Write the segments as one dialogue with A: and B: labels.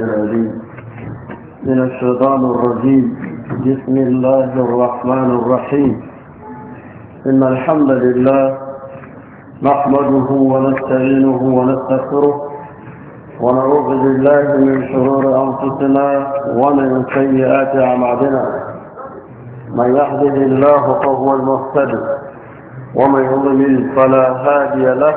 A: العليم من الشيطان الرجيم بسم الله الرحمن الرحيم إن الحمد لله نحمده ونستعينه ونستغفره ونعوذ بالله من شرور أنفسنا ومن سيئات أعمالنا من يهده الله فهو المهتدي ومن يضلل فلا هادي له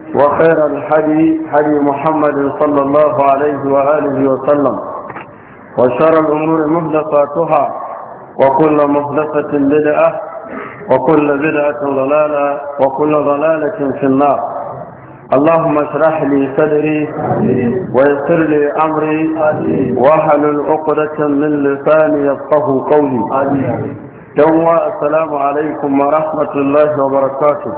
A: وخير الحدي حدي محمد صلى الله عليه وآله وسلم وشر الأمور مهدفاتها وكل مهدفة بدعة وكل بدعة ضلالة وكل ضلالة في النار اللهم اشرح لي صدري ويسر لي امري واحلل عقدة من لساني يفقه قولي يوم السلام عليكم ورحمة الله وبركاته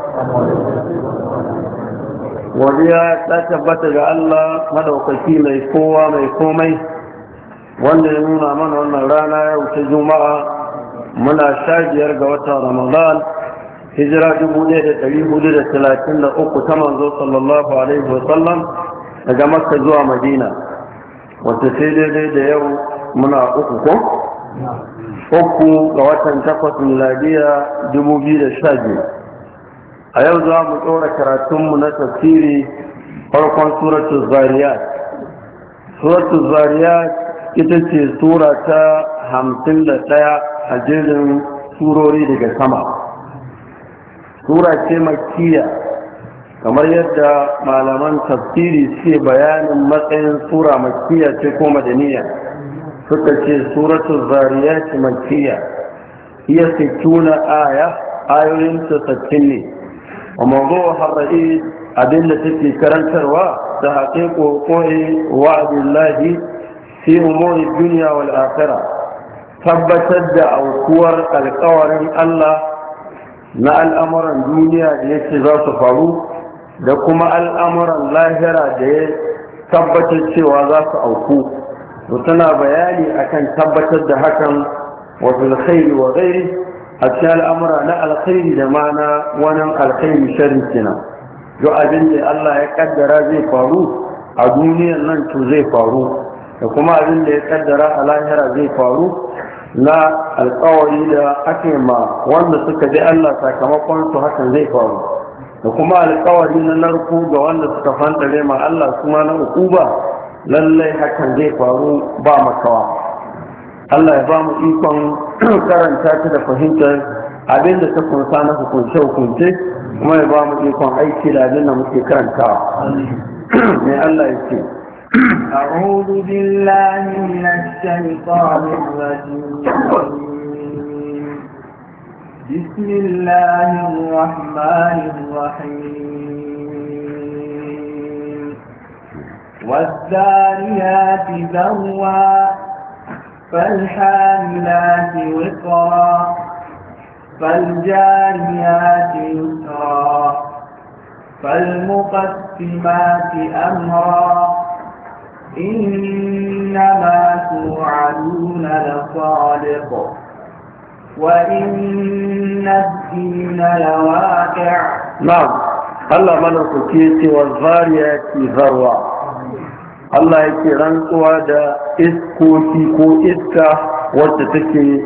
A: godiya ta tabbata ga Allah madaukaki mai kowa mai komai wanda ya nuna mana wannan rana yau ta juma'a muna sha biyar ga wata ramadan hijira dubu ɗaya da ɗari hudu da talatin da uku ta manzo sallallahu alaihi wa sallam daga makka zuwa madina wata sai daidai da yau muna uku ko uku ga watan takwas miladiya dubu biyu da sha biyu a yau za mu tsora karatunmu na tafsiri farkon suratu zariyat suratu zariyat ita ce sura ta hamsin da ɗaya a jirgin surori daga sama sura ce makiya kamar yadda malaman tafsiri ce bayanin matsayin sura makiya ce ko madaniya suka ce suratu zariyat makiya iya tuna aya ayoyin 60 وموضوعها الرئيس أدلة في كرنت الوا تحقيق وقوع وعد الله في أمور الدنيا والآخرة tabbatar da aukuwar alkawarin Allah na al'amuran duniya da yake za su faru da kuma al'amuran lahira da ya tabbatar cewa za su auku da tana bayani akan tabbatar da hakan wasu alkhairi wa gairi a cikin al'amura na alkhairi da ma na wani alkhairi sharri kina duk abin da Allah ya kaddara zai faru a duniyan nan to zai faru da kuma abin da ya kaddara a lahira zai faru na alkawari da ake ma wanda suka bi Allah sakamakon su hakan zai faru da kuma alkawari na narko ga wanda suka fantare ma Allah kuma na ukuba lallai hakan zai faru ba makawa Allah ya ba mu ikon karanta ta da fahimtar abin da ta kunsa na hukunce hukunce kuma ya ba mu ikon aiki da abin da muke karantawa mai Allah ya
B: ce أعوذ بالله من الشيطان الرجيم بسم الله الرحمن الرحيم والذاريات ذروا فالحاملات وقرا فالجاريات يسرا فالمقسمات أمرا إنما توعدون لصادق وإن الدين لواقع نعم
A: الله من أتكيت والذاريات ذروة Allah yake rantsuwa da iskoki ko iska wadda take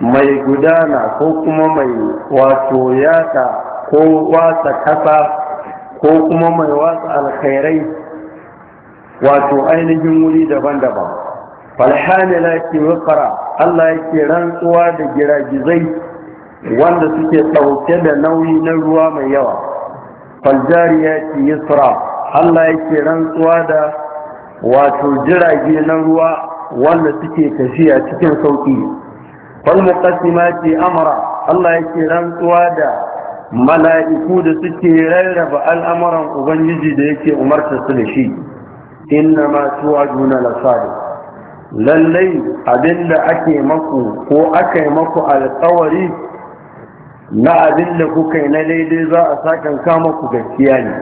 A: mai gudana ko kuma mai wato yata ko wasa kasa ko kuma mai wasa alkhairai wato ainihin wuri daban-daban la ke wakara Allah yake rantsuwa da giragizai wanda suke ɗauke da nauyi na ruwa mai yawa ya ke yisra Allah yake rantsuwa da wato jirage na ruwa wanda suke tafiya cikin sauƙi fal muqassimati amra Allah yake rantsuwa da mala'iku da suke rarraba al'amuran ubangiji da yake umarta su da shi inna ma tuwajuna la sadiq lallai abinda ake maku ko aka maku alƙawari na abinda kuka yi na daidai za a sakan kama ku gaskiya ne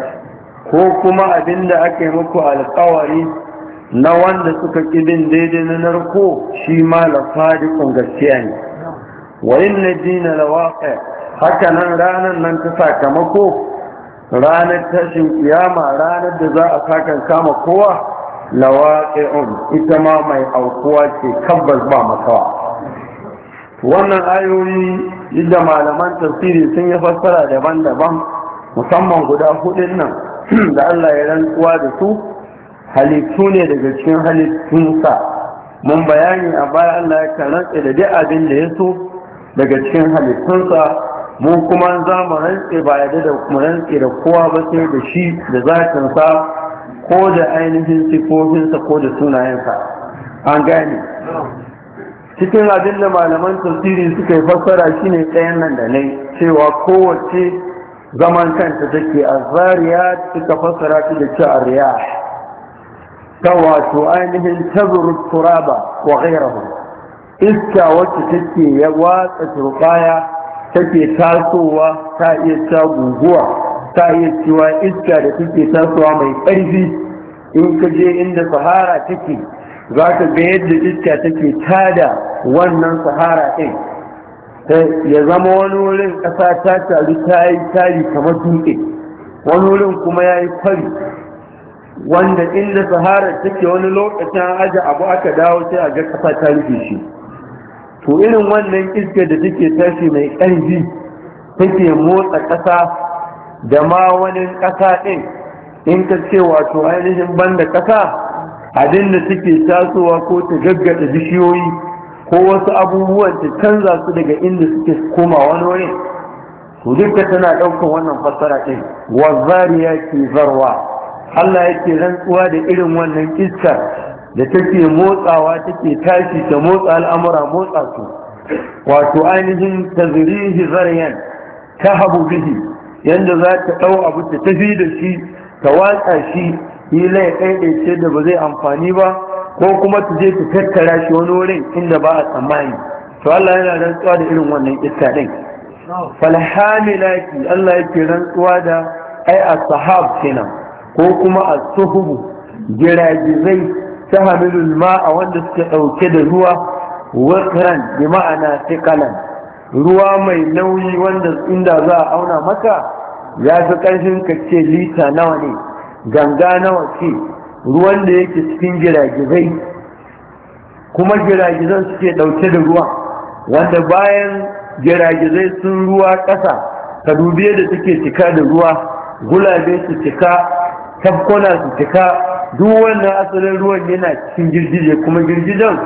A: ko kuma abinda aka yi maku alƙawari na wanda suka kibin daidai na narko shi ma lafadikun gaskiya ne wayin na dina lawaqi haka nan ranar nan ta sakamako ranar tashin kiyama ranar da za a sakan kama kowa on, ita ma mai aukuwa ce kabbas ba makawa wannan ayoyi yadda malaman tafsiri sun yi fassara daban-daban musamman guda hudun nan da Allah ya rantsuwa da su halittu ne daga cikin halittunsa mun bayani a baya Allah ya karantse da duk abin da ya so daga cikin halittunsa mu kuma za mu rantse ba yadda da mu rantse da kowa ba sai da shi da zatinsa ko da ainihin sifofinsa ko da sunayensa an gane cikin abin da malaman tafsiri suka yi fassara shine tsayan nan da nai cewa kowace zaman kanta take a zariya suka fassara shi da cewa kan wato ainihin tabur turaba wa ghairahu iska wacce take ya watsa turbaya take tasowa ta iya ta guguwa ta iya cewa iska da take tasowa mai ƙarfi in ka je inda sahara take za ka ga yadda iska take tada wannan sahara ɗin ya zama wani wurin ƙasa ta taru ta yi tari kamar dutse wani wurin kuma ya yi fari wanda inda sahara take wani lokacin an aje abu aka dawo sai a ga kasa ta rufe shi to irin wannan iska da take tashi mai ƙarfi take motsa ƙasa da ma wani ƙasa ɗin in ka ce wato ainihin banda ƙasa abin da take tasowa ko ta gaggada bishiyoyi ko wasu abubuwan ta canza su daga inda suke koma wani wani to duka tana ɗaukar wannan fassara ɗin Wazariya ke zarwa Allah yake rantsuwa da irin wannan iska da take motsawa take tashi ta motsa al'amura motsa su wato ainihin tazrihi zaryan ta habu bihi yanda za ta ɗau abu ta tafi da shi ta watsa shi hila ya ɗaiɗaice da ba zai amfani ba ko kuma ta je ta tattara shi wani wurin inda ba a tsammani to Allah yana rantsuwa da irin wannan iska ɗin falhamilaki Allah yake rantsuwa da ai sahab kenan ko kuma a tsohubu giragizai ta hamilul ma'a wanda suka ɗauke da ruwa wakran bi ma'ana tikalan ruwa mai nauyi wanda inda za a auna maka ya fi ƙarfin ka lita nawa ne ganga nawa ce ruwan da yake cikin giragizai kuma giragizan suke ɗauke da ruwa wanda bayan giragizai sun ruwa ƙasa ka dubi da suke cika da ruwa gulabe su cika tafkona su cika duk wannan asalin ruwan yana cikin girgije kuma girgijen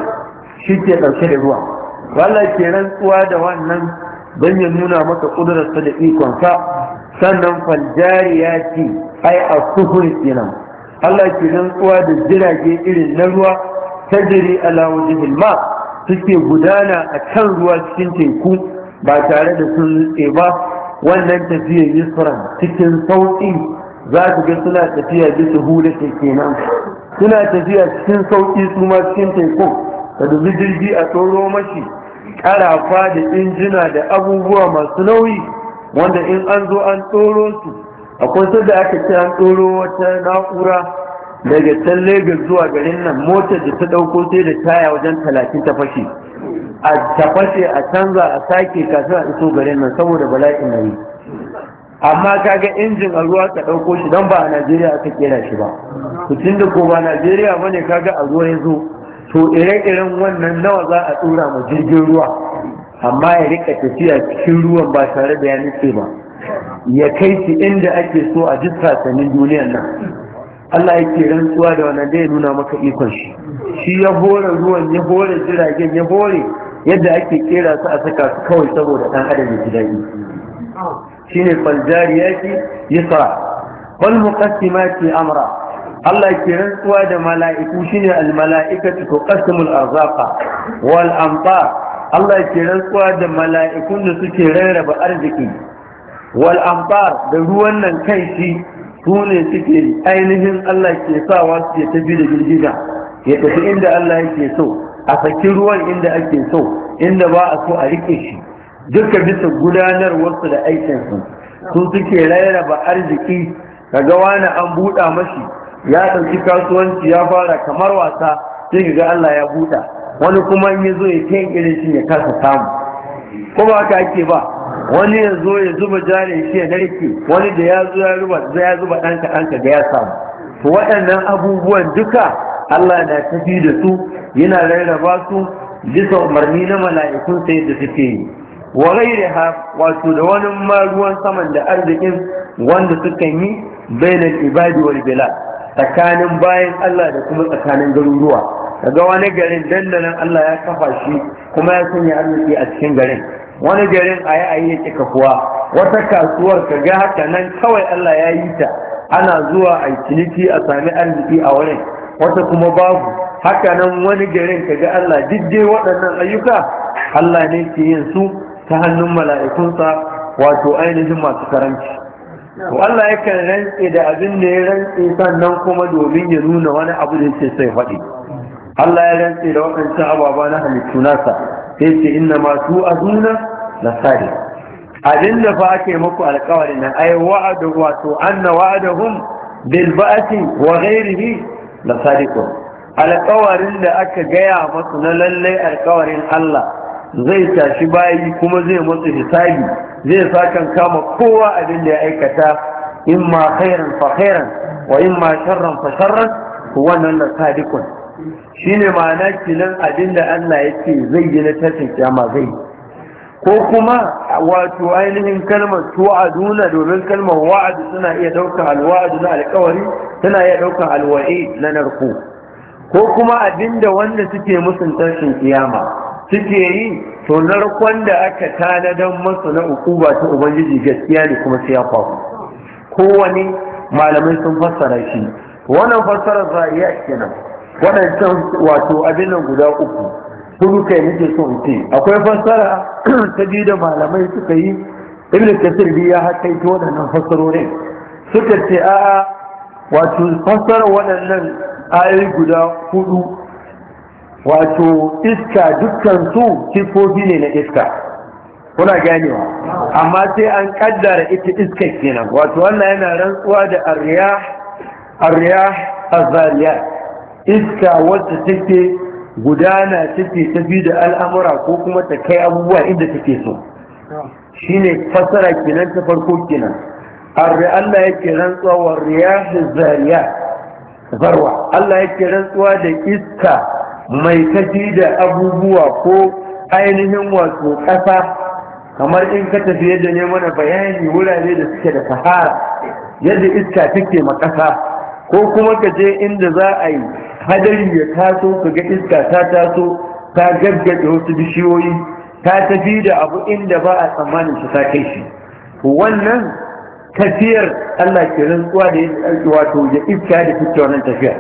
A: shi ke ɗauke da ruwa wallah ke rantsuwa da wannan don ya nuna maka ƙudurarsa da ikonsa sannan ya ce ai a sufuri kenan Allah ke rantsuwa da jirage irin na ruwa ta ala wajihil hilma suke gudana a kan ruwa cikin teku ba tare da sun rutse ba wannan tafiyar yusran cikin sauƙi za su ga suna tafiya bisa ke kenan suna tafiya cikin sauƙi su ma cikin teku ka dubi jirgi a tsoro mashi ƙarafa da injina da abubuwa masu nauyi wanda in an zo an tsoro su akwai su da aka ce an tsoro wata na'ura daga can Legas zuwa garin nan motar da ta ɗauko sai da taya wajen talatin ta fashe a ta fashe a canza a sake kafin a iso garin nan saboda bala'in na amma kaga injin a ruwa ka ɗauko shi don ba a najeriya aka kera shi ba tun da ko ba najeriya ba ne kaga a ruwa ya zo to ire-iren wannan nawa za a tsura ma jirgin ruwa amma ya rika tafiya cikin ruwan ba tare da ya nutse ba ya kai shi inda ake so a duk sanin duniyar nan Allah yake rantsuwa da wannan dai nuna maka ikon shi shi ya hore ruwan ya bore jiragen ya hore yadda ake kera su a saka su kawai saboda ɗan adam ya ji daɗi shine faljariyati yusra wal muqassimati amra Allah ke rantsuwa da mala'iku shine al mala'ikatu tuqassimul arzaqa wal amtar Allah ke rantsuwa da mala'ikun da suke rarraba arziki wal amtar da ruwan nan kai shi su ne suke ainihin Allah ke sawa su ya tafi da girgiza ya tafi inda Allah yake so a saki ruwan inda ake so inda ba a so a rike shi duka bisa gudanarwarsu da aikinsu su suke rarraba arziki kaga wani an buɗa mashi ya ɗauki kasuwanci ya fara kamar wasa sai ga Allah ya buɗa wani kuma in ya zo ya kai irin shi ya kasa samu kuma haka ake ba wani ya zo ya zuba jari shi ya narke wani da ya zo ya zuba ya zuba ɗan ɗanka da ya samu to waɗannan abubuwan duka Allah na tafi da su yana rarraba su bisa umarni na mala'ikun sai da suke yi wa ghairiha wato da wani ma ruwan saman da arzikin wanda suka yi bainal ibadi wal bilad tsakanin bayan Allah da kuma tsakanin garuruwa kaga wani garin dandanan Allah ya kafa shi kuma ya sanya arziki a cikin garin wani garin a yi ya cika kuwa? wata kasuwar kaga ga haka nan kawai Allah ya yi ta ana zuwa a ciniki a sami arziki a wurin wata kuma babu haka nan wani garin kaga Allah duk waɗannan ayyuka Allah ne ke yin su ta hannun mala'ikunsa wato ainihin masu karanci to Allah yakan rantse da abin da ya rantse sannan kuma domin ya nuna wani abu da yake sai faɗi Allah ya rantse da waɗancan ababa na halittunasa nasa sai ce inna masu azuna na sare abin da fa ake muku alkawari na ai wa'adu wato anna wa'adahum bil ba'ati wa ghairihi la sadiqun alkawarin da aka gaya masu na lallai alkawarin Allah zai tashi bayi kuma zai motsa hisabi zai sakan kama kowa abin da ya aikata in ma khairan fa khairan wa in ma sharran fa sharran wannan la sadiqun shine ma'ana kinan abin da Allah yake zai yi na tashin kiyama zai ko kuma wato ainihin kalmar tu'aduna domin kalmar wa'ad suna iya daukar alwa'ad na alƙawari suna iya daukar alwa'i na narko ko kuma abinda wanda suke musun tashin kiyama suke yi to narkon da aka don masu na ba ta ubangiji gaskiya ne kuma sai ya faru kowane malamai sun fassara shi wannan fassarar zariya kenan waɗancan wato abin nan guda uku hudu kai muke so in ce akwai fassara ta biyu da malamai suka yi ibn kasir ya ta waɗannan fassarorin suka ce a'a wato fassarar waɗannan ayoyi guda hudu wato iska dukkan su ne na iska kuna ganewa amma sai an kaddara ita iska kenan wato wannan yana rantsuwa da arya a azariya iska wacce take gudana take tafi da al'amura ko kuma ta kai abubuwa inda take so shine fasara kenan ta farko kenan arri Allah yake rantsuwa wa riyah zariya zarwa Allah yake rantsuwa da iska mai kaji da abubuwa ko ainihin wato ƙasa kamar in ka tafi yadda ne mana bayani wurare da suke da sahara yadda iska take ma ƙasa ko kuma ka je inda za a yi hadari ya taso ka ga iska ta taso ta gaggaɗe wasu bishiyoyi ta tafi da abu inda ba a tsammanin shi ta kai shi wannan tafiyar Allah ke rantsuwa da wato ya iska da fitowar tafiya tafiyar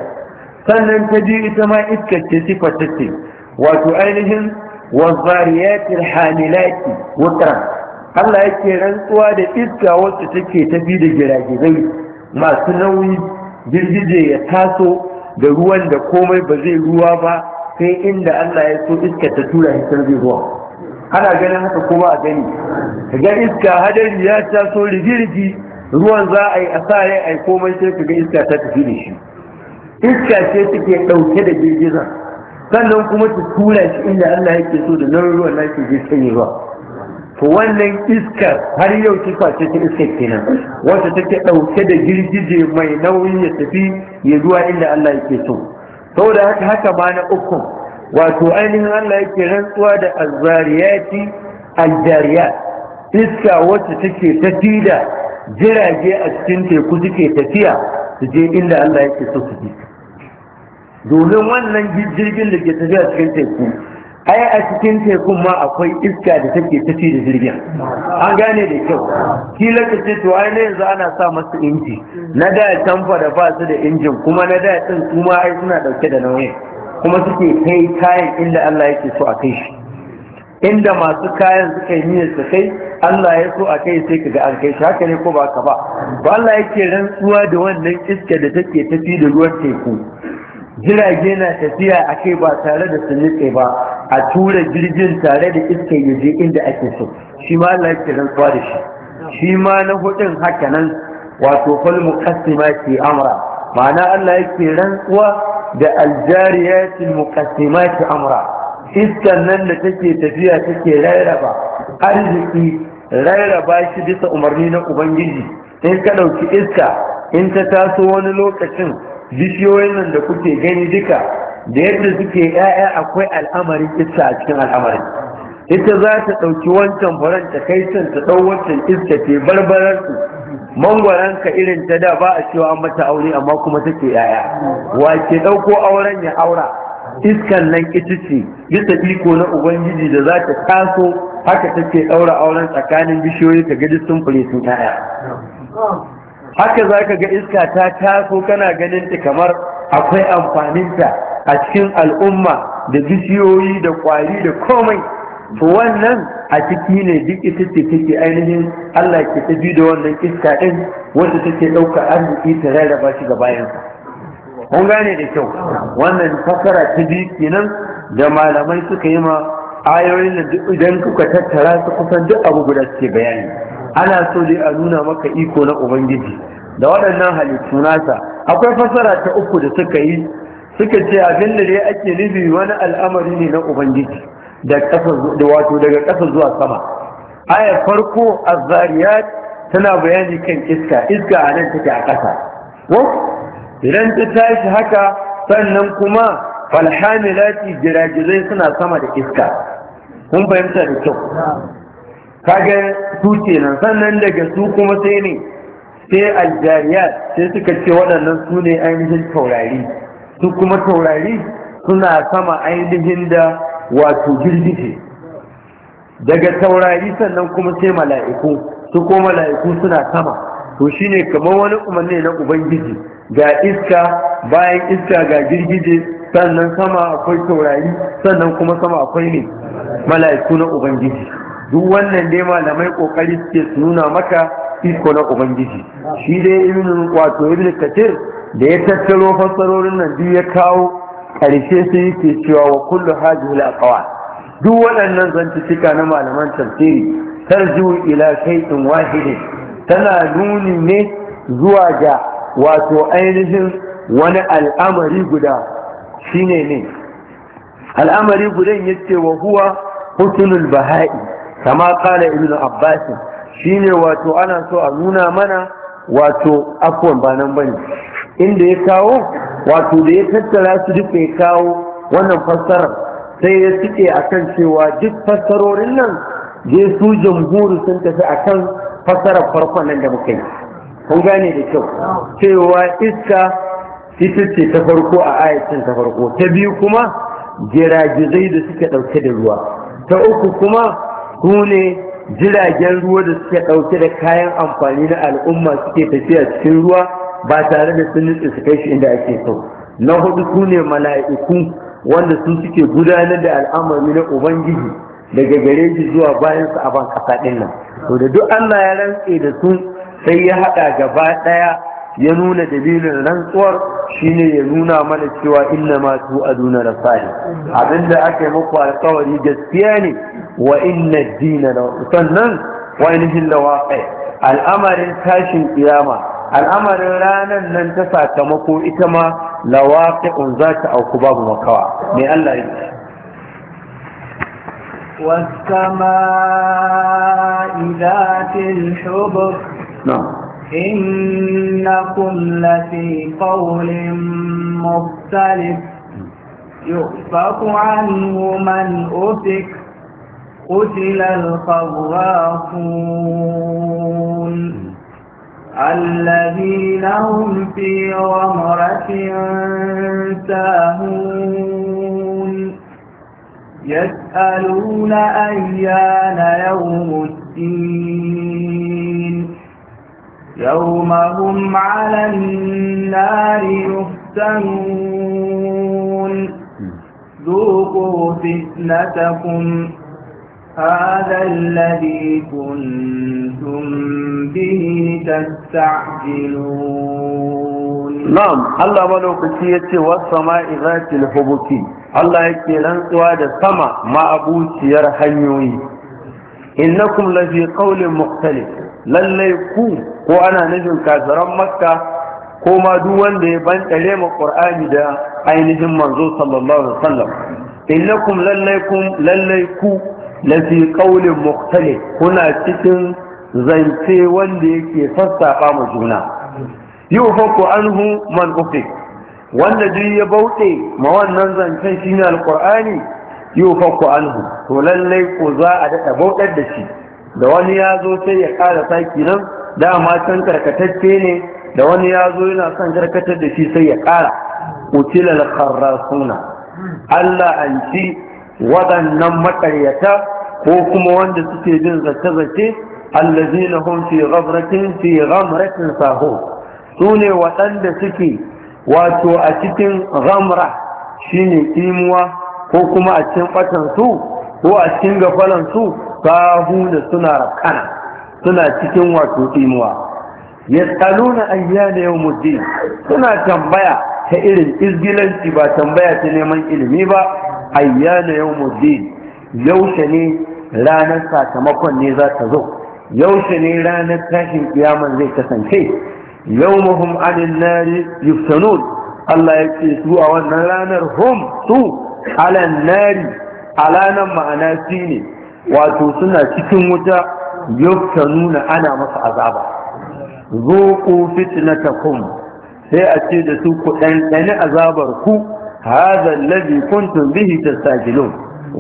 A: sannan ta ji ita ma iska ce ta ce wato ainihin wazariyatil hamilati wutra Allah yake rantsuwa da iska wacce take tafi da giragizai masu nauyi girgije ya taso da ruwan da komai ba zai ruwa ba sai inda Allah ya so iska ta tura shi zai ruwa ana ganin haka kuma a gani ga iska hadari ya taso rigirgi ruwan za a yi a yi komai sai ka ga iska ta tafi da shi iska ce suke ɗauke da girgizar, sannan kuma su tura shi inda Allah yake so da nan ruwan na ke je ruwa to wannan iskar har yau ce ce ta iskar kenan wacce take ɗauke da girgije mai nauyi ya tafi ya zuwa inda Allah yake so saboda haka haka ba na uku wato ainihin Allah yake rantsuwa da azzariyati aljariya iska wacce take tafi da jirage a cikin teku suke tafiya su je inda Allah yake so su je domin wannan jirgin da ke tafiya cikin teku ai a cikin tekun ma akwai iska da take tafi da jirgin an gane da kyau kila ka ce to ai yanzu ana sa masu inji na da tamfa da ba su da injin kuma na da din kuma ai suna dauke da nauyi kuma suke kai kayan inda Allah yake so a kai shi inda masu kayan suka yi niyyar su kai Allah ya so a kai sai kaga an kai shi haka ne ko ba ka ba ba Allah yake rantsuwa da wannan iska da take tafi da ruwan teku jirage na tafiya a kai ba tare da su ba a tura jirgin tare da iska ya je inda ake so shi ma Allah yake rantsuwa da shi shi ma na hudun haka nan wato fal muqassima ki amra ma'ana Allah yake rantsuwa da aljariyatil muqassima ki amra iskan nan da take tafiya take rarraba arziki rarraba shi bisa umarni na ubangiji in ka dauki iska in ta taso wani lokacin bishiyoyin nan da kuke gani duka da yadda suke ‘ya'ya akwai al'amarin iska a cikin al'amarin ita za ta ɗauki wancan furen ta kai can ta ɗau wancan iska ke barbarar su mangwaran ka irin ta da ba a cewa an mata aure amma kuma take ‘ya'ya wa ke ɗauko auren ya aura iskan nan ita ce bisa iko na ubangiji da za ta taso haka take ɗaura auren tsakanin bishiyoyi ta gidi sun fure sun ‘ya'ya haka za ka ga iska ta taso kana ganin ta kamar akwai amfaninta a cikin al'umma da bishiyoyi da kwari da komai to wannan a ciki ne duk ita ce take ainihin Allah ke tafi da wannan iska ɗin wanda take ɗauka arziki ta rarraba shi ga bayansa kun gane da kyau wannan fasara ta biyu kenan da malamai suka yi ma ayoyin da duk idan kuka tattara su kusan duk abu guda suke bayani ana so dai a nuna maka iko na ubangiji da waɗannan halittu nasa akwai fasara ta uku da suka yi suka ce abin da dai ake nufi wani al'amari ne na ubangiji da wato daga ƙasa zuwa sama ayar farko azariyat tana bayani kan iska iska a nan take a ƙasa idan ta tashi haka sannan kuma falhamilati jiragizai suna sama da iska kun fahimta da kyau kaga su nan sannan daga su kuma sai ne sai aljariya sai suka ce waɗannan su ne ainihin taurari su kuma taurari suna sama ainihin da wato girgije daga taurari sannan kuma sai mala'iku su kuma mala'iku suna sama to shine kamar wani umarni na ubangiji ga iska bayan iska ga girgije sannan sama akwai taurari sannan kuma sama akwai ne mala'iku na ubangiji duk wannan dai malamai kokari suke su nuna maka iko na ubangiji shi dai ibn wato ibn katir da ya tattaro fassarorin nan biyu ya kawo karshe sai yake cewa wa kullu hadhihi al duk waɗannan zantuka na malaman tafsiri tarju ila shay'in wahidin tana nuni ne zuwa ga wato ainihin wani al'amari guda shine ne al'amari gudan yace wa huwa husnul baha'i kama kala ibnu abbas shine wato ana so a nuna mana wato afwan ba bane inda ya kawo wato da ya tattara su duk ya kawo wannan fassarar sai ya suke akan cewa duk fassarorin nan je su jamhuri sun tafi akan fassarar farkon nan da muka yi kun gane da kyau cewa iska ita ce ta farko a ayatin ta farko ta biyu kuma giragizai da suke ɗauke da ruwa ta uku kuma su ne jiragen ruwa da suke ɗauke da kayan amfani na al'umma suke tafiya cikin ruwa ba tare da sun nutse su kai shi inda ake so na hudu su ne mala'iku wanda su suke gudanar da al'amari na ubangiji daga gare shi zuwa bayan su a ban kasa din nan to da duk Allah ya rantse da su sai ya haɗa gaba ɗaya ya nuna dalilin rantsuwar shine ya nuna mana cewa inna ma su aduna rasali abinda aka yi muku alkawari gaskiya ne wa inna dina sannan wa ainihin lawaqi al'amarin tashin kiyama al'amarin ranar nan ta sakamako ita ma lawaqi'un za ta auku babu makawa mai Allah ya ce
B: والسماء ذات الحبك نعم إنكم لفي قول مختلف يؤفك عنه من أفك قتل الخوافون الذين هم في غمرة ساهون يسألون أيان يوم الدين يوم هم على النار يفتنون ذوقوا فتنتكم هذا الذي كنتم به تستعجلون نعم الله ولو
A: قسيتي والسماء ذات الحبكي الله يكي لنسوا هذا السماء ما أبوتي يرحنيوي إنكم لفي قول مختلف lallai ku ko ana nufin kasaran makka ko ma duk wanda ya ban tsare ma qur'ani da ainihin manzo sallallahu alaihi wasallam innakum lallai kum lallai ku fi qaulin muktali kuna cikin zance wanda yake sassafa mu juna yufaku anhu man ufik wanda duk ya bauɗe ma wannan zancen shine alqur'ani yufaku anhu to lallai ko za a daɗa bautar da shi da wani ya zo sai ya ƙara saki nan dama can karkatacce ne da wani ya zo yana son karkatar da shi sai ya ƙara utilal kharrasuna Allah an ci waɗannan maƙaryata ko kuma wanda suke bin zace-zace allazina hum fi ghamratin fi ghamratin saho su ne waɗanda suke wato a cikin ghamra shine imuwa ko kuma a cikin ɓatan ko a cikin gafalan su sahu da suna rakana suna cikin wato imuwa da ayyana yawmuddin suna tambaya ta irin izgilanci ba tambaya ta neman ilimi ba ayyana yawmuddin yaushe ne ranar sakamakon ne za ta zo yaushe ne ranar tashin kiyaman zai kasance yawmuhum anin nari yuftanun Allah ya ce su a wannan ranar hum su alan nari alanan ma'ana shi ne wato suna cikin wuta yuftanuna ana masa azaba zuqu fitnatakum sai a ce da su ku ɗanɗani azabar ku hadha alladhi kuntum bihi tastajilun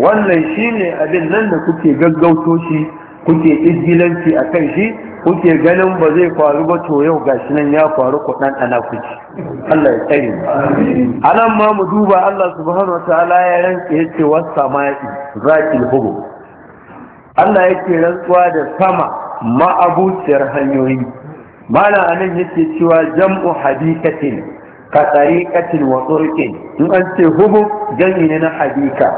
A: wannan shine abin nan da kuke gaggauto shi kuke izgilanci akan shi kuke ganin ba zai faru ba to yau gashi nan ya faru ku dan ana kuci Allah ya tsare mu anan ma mu duba Allah subhanahu wataala ya rantsa yace was sama'i zatil hubu Allah yake rantsuwa da sama ma'abuciyar hanyoyi mana anan yake cewa jam'u hadikatin ka tsariƙatin wa tsurƙin in an ce hubu jami ne na hadika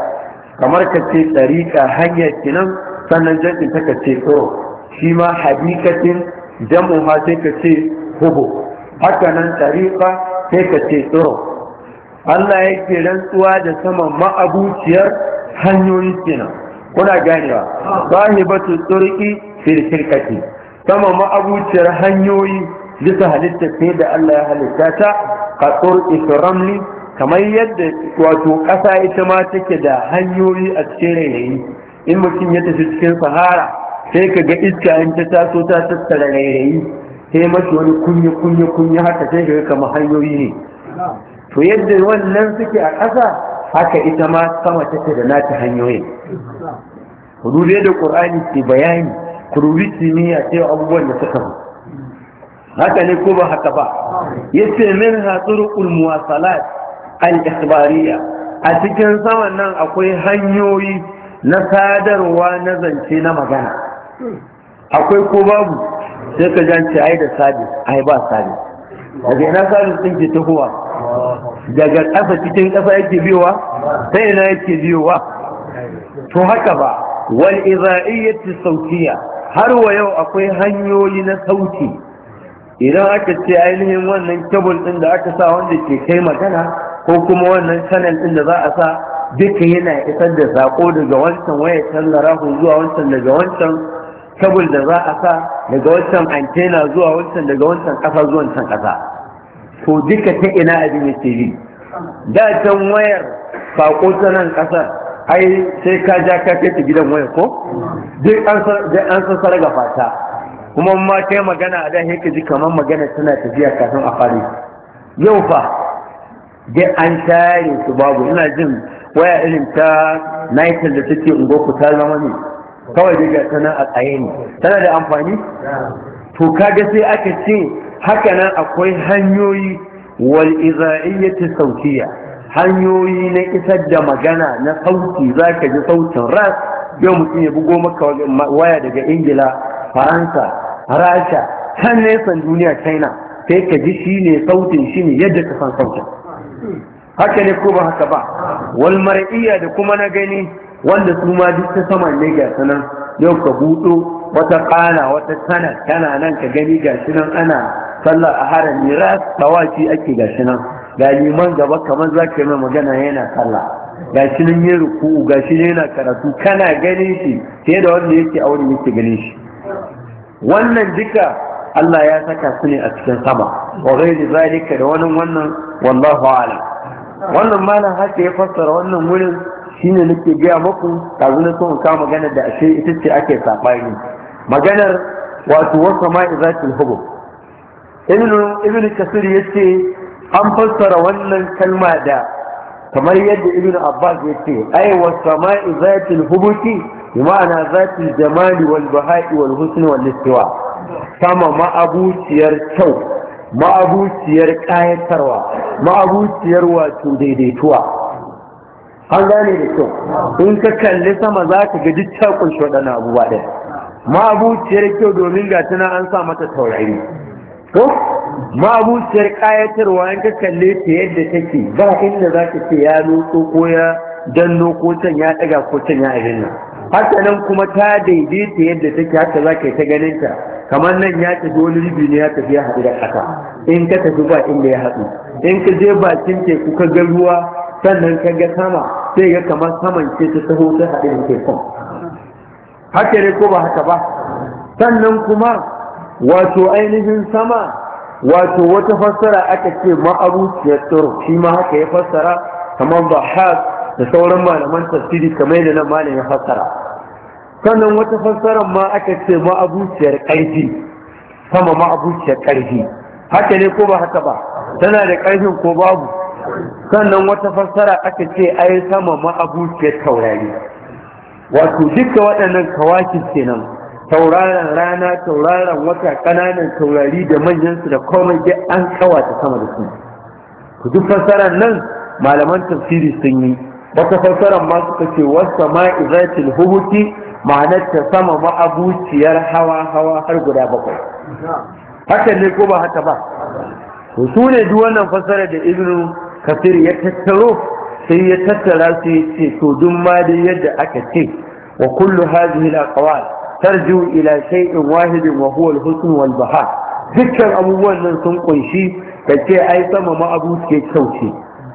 A: kamar ka ce tsariƙa hanyar kinan sannan jami ta ka ce tsoro shi ma hadikatin jamu ma sai ka ce hubu Hakanan nan tsariƙa sai ka ce tsoro Allah ke rantsuwa da saman ma'abuciyar hanyoyin kinan kuna ganewa ah. sahibatu tsurki fil shirkati sama ma'abuciyar hanyoyi bisa halitta sai da Allah ya halitta ta qatur ikramli kamar yadda wato ƙasa ita ma take da hanyoyi a cikin rairayi in mutum ya tafi cikin sahara sai ka ga iska in ta taso ta tattara rairayi sai mashi wani kunya kunya kunya haka sai ga kamar hanyoyi ne to yadda wannan suke a ƙasa haka ita ma sama take da nata hanyoyi. ku da ƙur'ani ke bayani ku ne ya ce abubuwan da suka haka ne ko ba haka ba yace min hatsurul muwasalat al-ikhbariya a cikin saman nan akwai hanyoyi na sadarwa na zance na magana akwai ko babu sai ka jance ai da sabis ai ba sabis daga ina sabis din ke tahowa daga ƙasa cikin ƙasa yake biyowa sai ina yake biyowa to haka ba wal iza'iyyati sautiya har wa yau akwai hanyoyi na sauti idan aka ce ainihin wannan kebul ɗin da aka sa wanda ke kai magana ko kuma wannan channel ɗin da za a sa duka yana isar da zaƙo daga wancan wayar tallarahu zuwa wancan daga wancan kebul da za a sa daga wancan antena zuwa wancan daga wancan ƙasa zuwa wancan ƙasa to duka ta ina abin yake bi da can wayar faƙo ta nan ƙasar ai sai ka ja ka kai ta gidan wayar ko duk an san ga fata. kuma ma ta magana a da ka ji kamar magana tana tafiya kafin a fare yau fa dai an tare su babu ina jin waya irin ta nitel da take ungoku ta zama ne kawai daga tana a tsaye ne tana da amfani to kaga sai aka ce hakanan akwai hanyoyi wal izaiyyati sautiya hanyoyi na isar da magana na sauti zaka ji sautin ras yau mutum ya bugo maka waya daga ingila faransa rasha can nesan duniya china sai ka ji shi ne sautin shi ne yadda ka san sautin haka ne ko ba haka ba wal mar'iyya da kuma na gani wanda su ma duk ta sama ne ga sanan yau ka buɗo wata kana wata tana, tana nan ka gani ga ana sallar a harami ras tawaci ake ga shi nan ga liman gaba kamar za ka yi magana yana sallah ga shi nan ya ga shi yana karatu kana ganin shi sai da wanda yake aure yake ganin shi wannan duka Allah ya saka su ne a cikin sama wa ghairi zalika da wani wannan wallahu wannan malam haka ya fassara wannan wurin shine nake gaya muku kazu na so ka magana da ashe ita ce ake sabani maganar wato wasa ma'izatul Hubu, ibnu ibnu kasir yace an fassara wannan kalma da kamar yadda ibnu abbas yace ai wasa ma'izatul hubuti ma'ana zafin jamali wal baha'i wal husn wal istiwa sama ma'abuciyar kyau ma'abuciyar kayatarwa ma'abuciyar wato daidaituwa an gane da kyau in ka kalli sama za ka ga duk ta kunshi waɗannan abubuwa ma'abuciyar kyau domin ga tana an sa mata taurari ko ma'abuciyar ƙayatarwa in ka kalle ta yadda take ba inda za ka ce ya lotso ko ya danno ko can ya ɗaga ko can ya abin haka nan kuma ta daidaita yadda take haka za ka yi ta ganin ta kamar nan ya tafi wani ribi ne ya tafi ya haɗu da ƙasa in ka tafi ba inda ya haɗu in ka je bakin teku ka ga ruwa sannan ka ga sama sai ga kamar saman ce ta taho ta haɗu da tekun haka ne ko ba haka ba sannan kuma wato ainihin sama wato wata fassara aka ce ma'abuciyar tsoro shi ma haka ya fassara kamar ba da sauran malaman tafsiri kamar yadda nan malamin ya fassara sannan wata fassarar ma aka ce ma'abuciyar ƙarfi sama ma'abuciyar ƙarfi haka ne ko ba haka ba tana da ƙarfin ko babu sannan wata fassara aka ce ai sama ma'abuciyar taurari wato duka waɗannan kawakin kenan tauraron rana tauraron wata ƙananan taurari da manyan su da komai duk an kawata sama da su ku duk fassarar nan malaman tafsiri sun yi wata fassarar ma suka ce wasa ma'izatil hubuti ma'anar ta sama ma'abuciyar hawa hawa har guda bakwai haka ne ko ba haka ba to su ne duk wannan fassarar da ibnu kafir ya tattaro sai ya tattara su ya ce to duk ma dai yadda aka ce wa kullu hadhihi al-aqwal tarju ila shay'in wahidin wa huwa al-husn wal baha dukkan abubuwan nan sun kunshi da ce ai sama ma'abuciyar kyau ce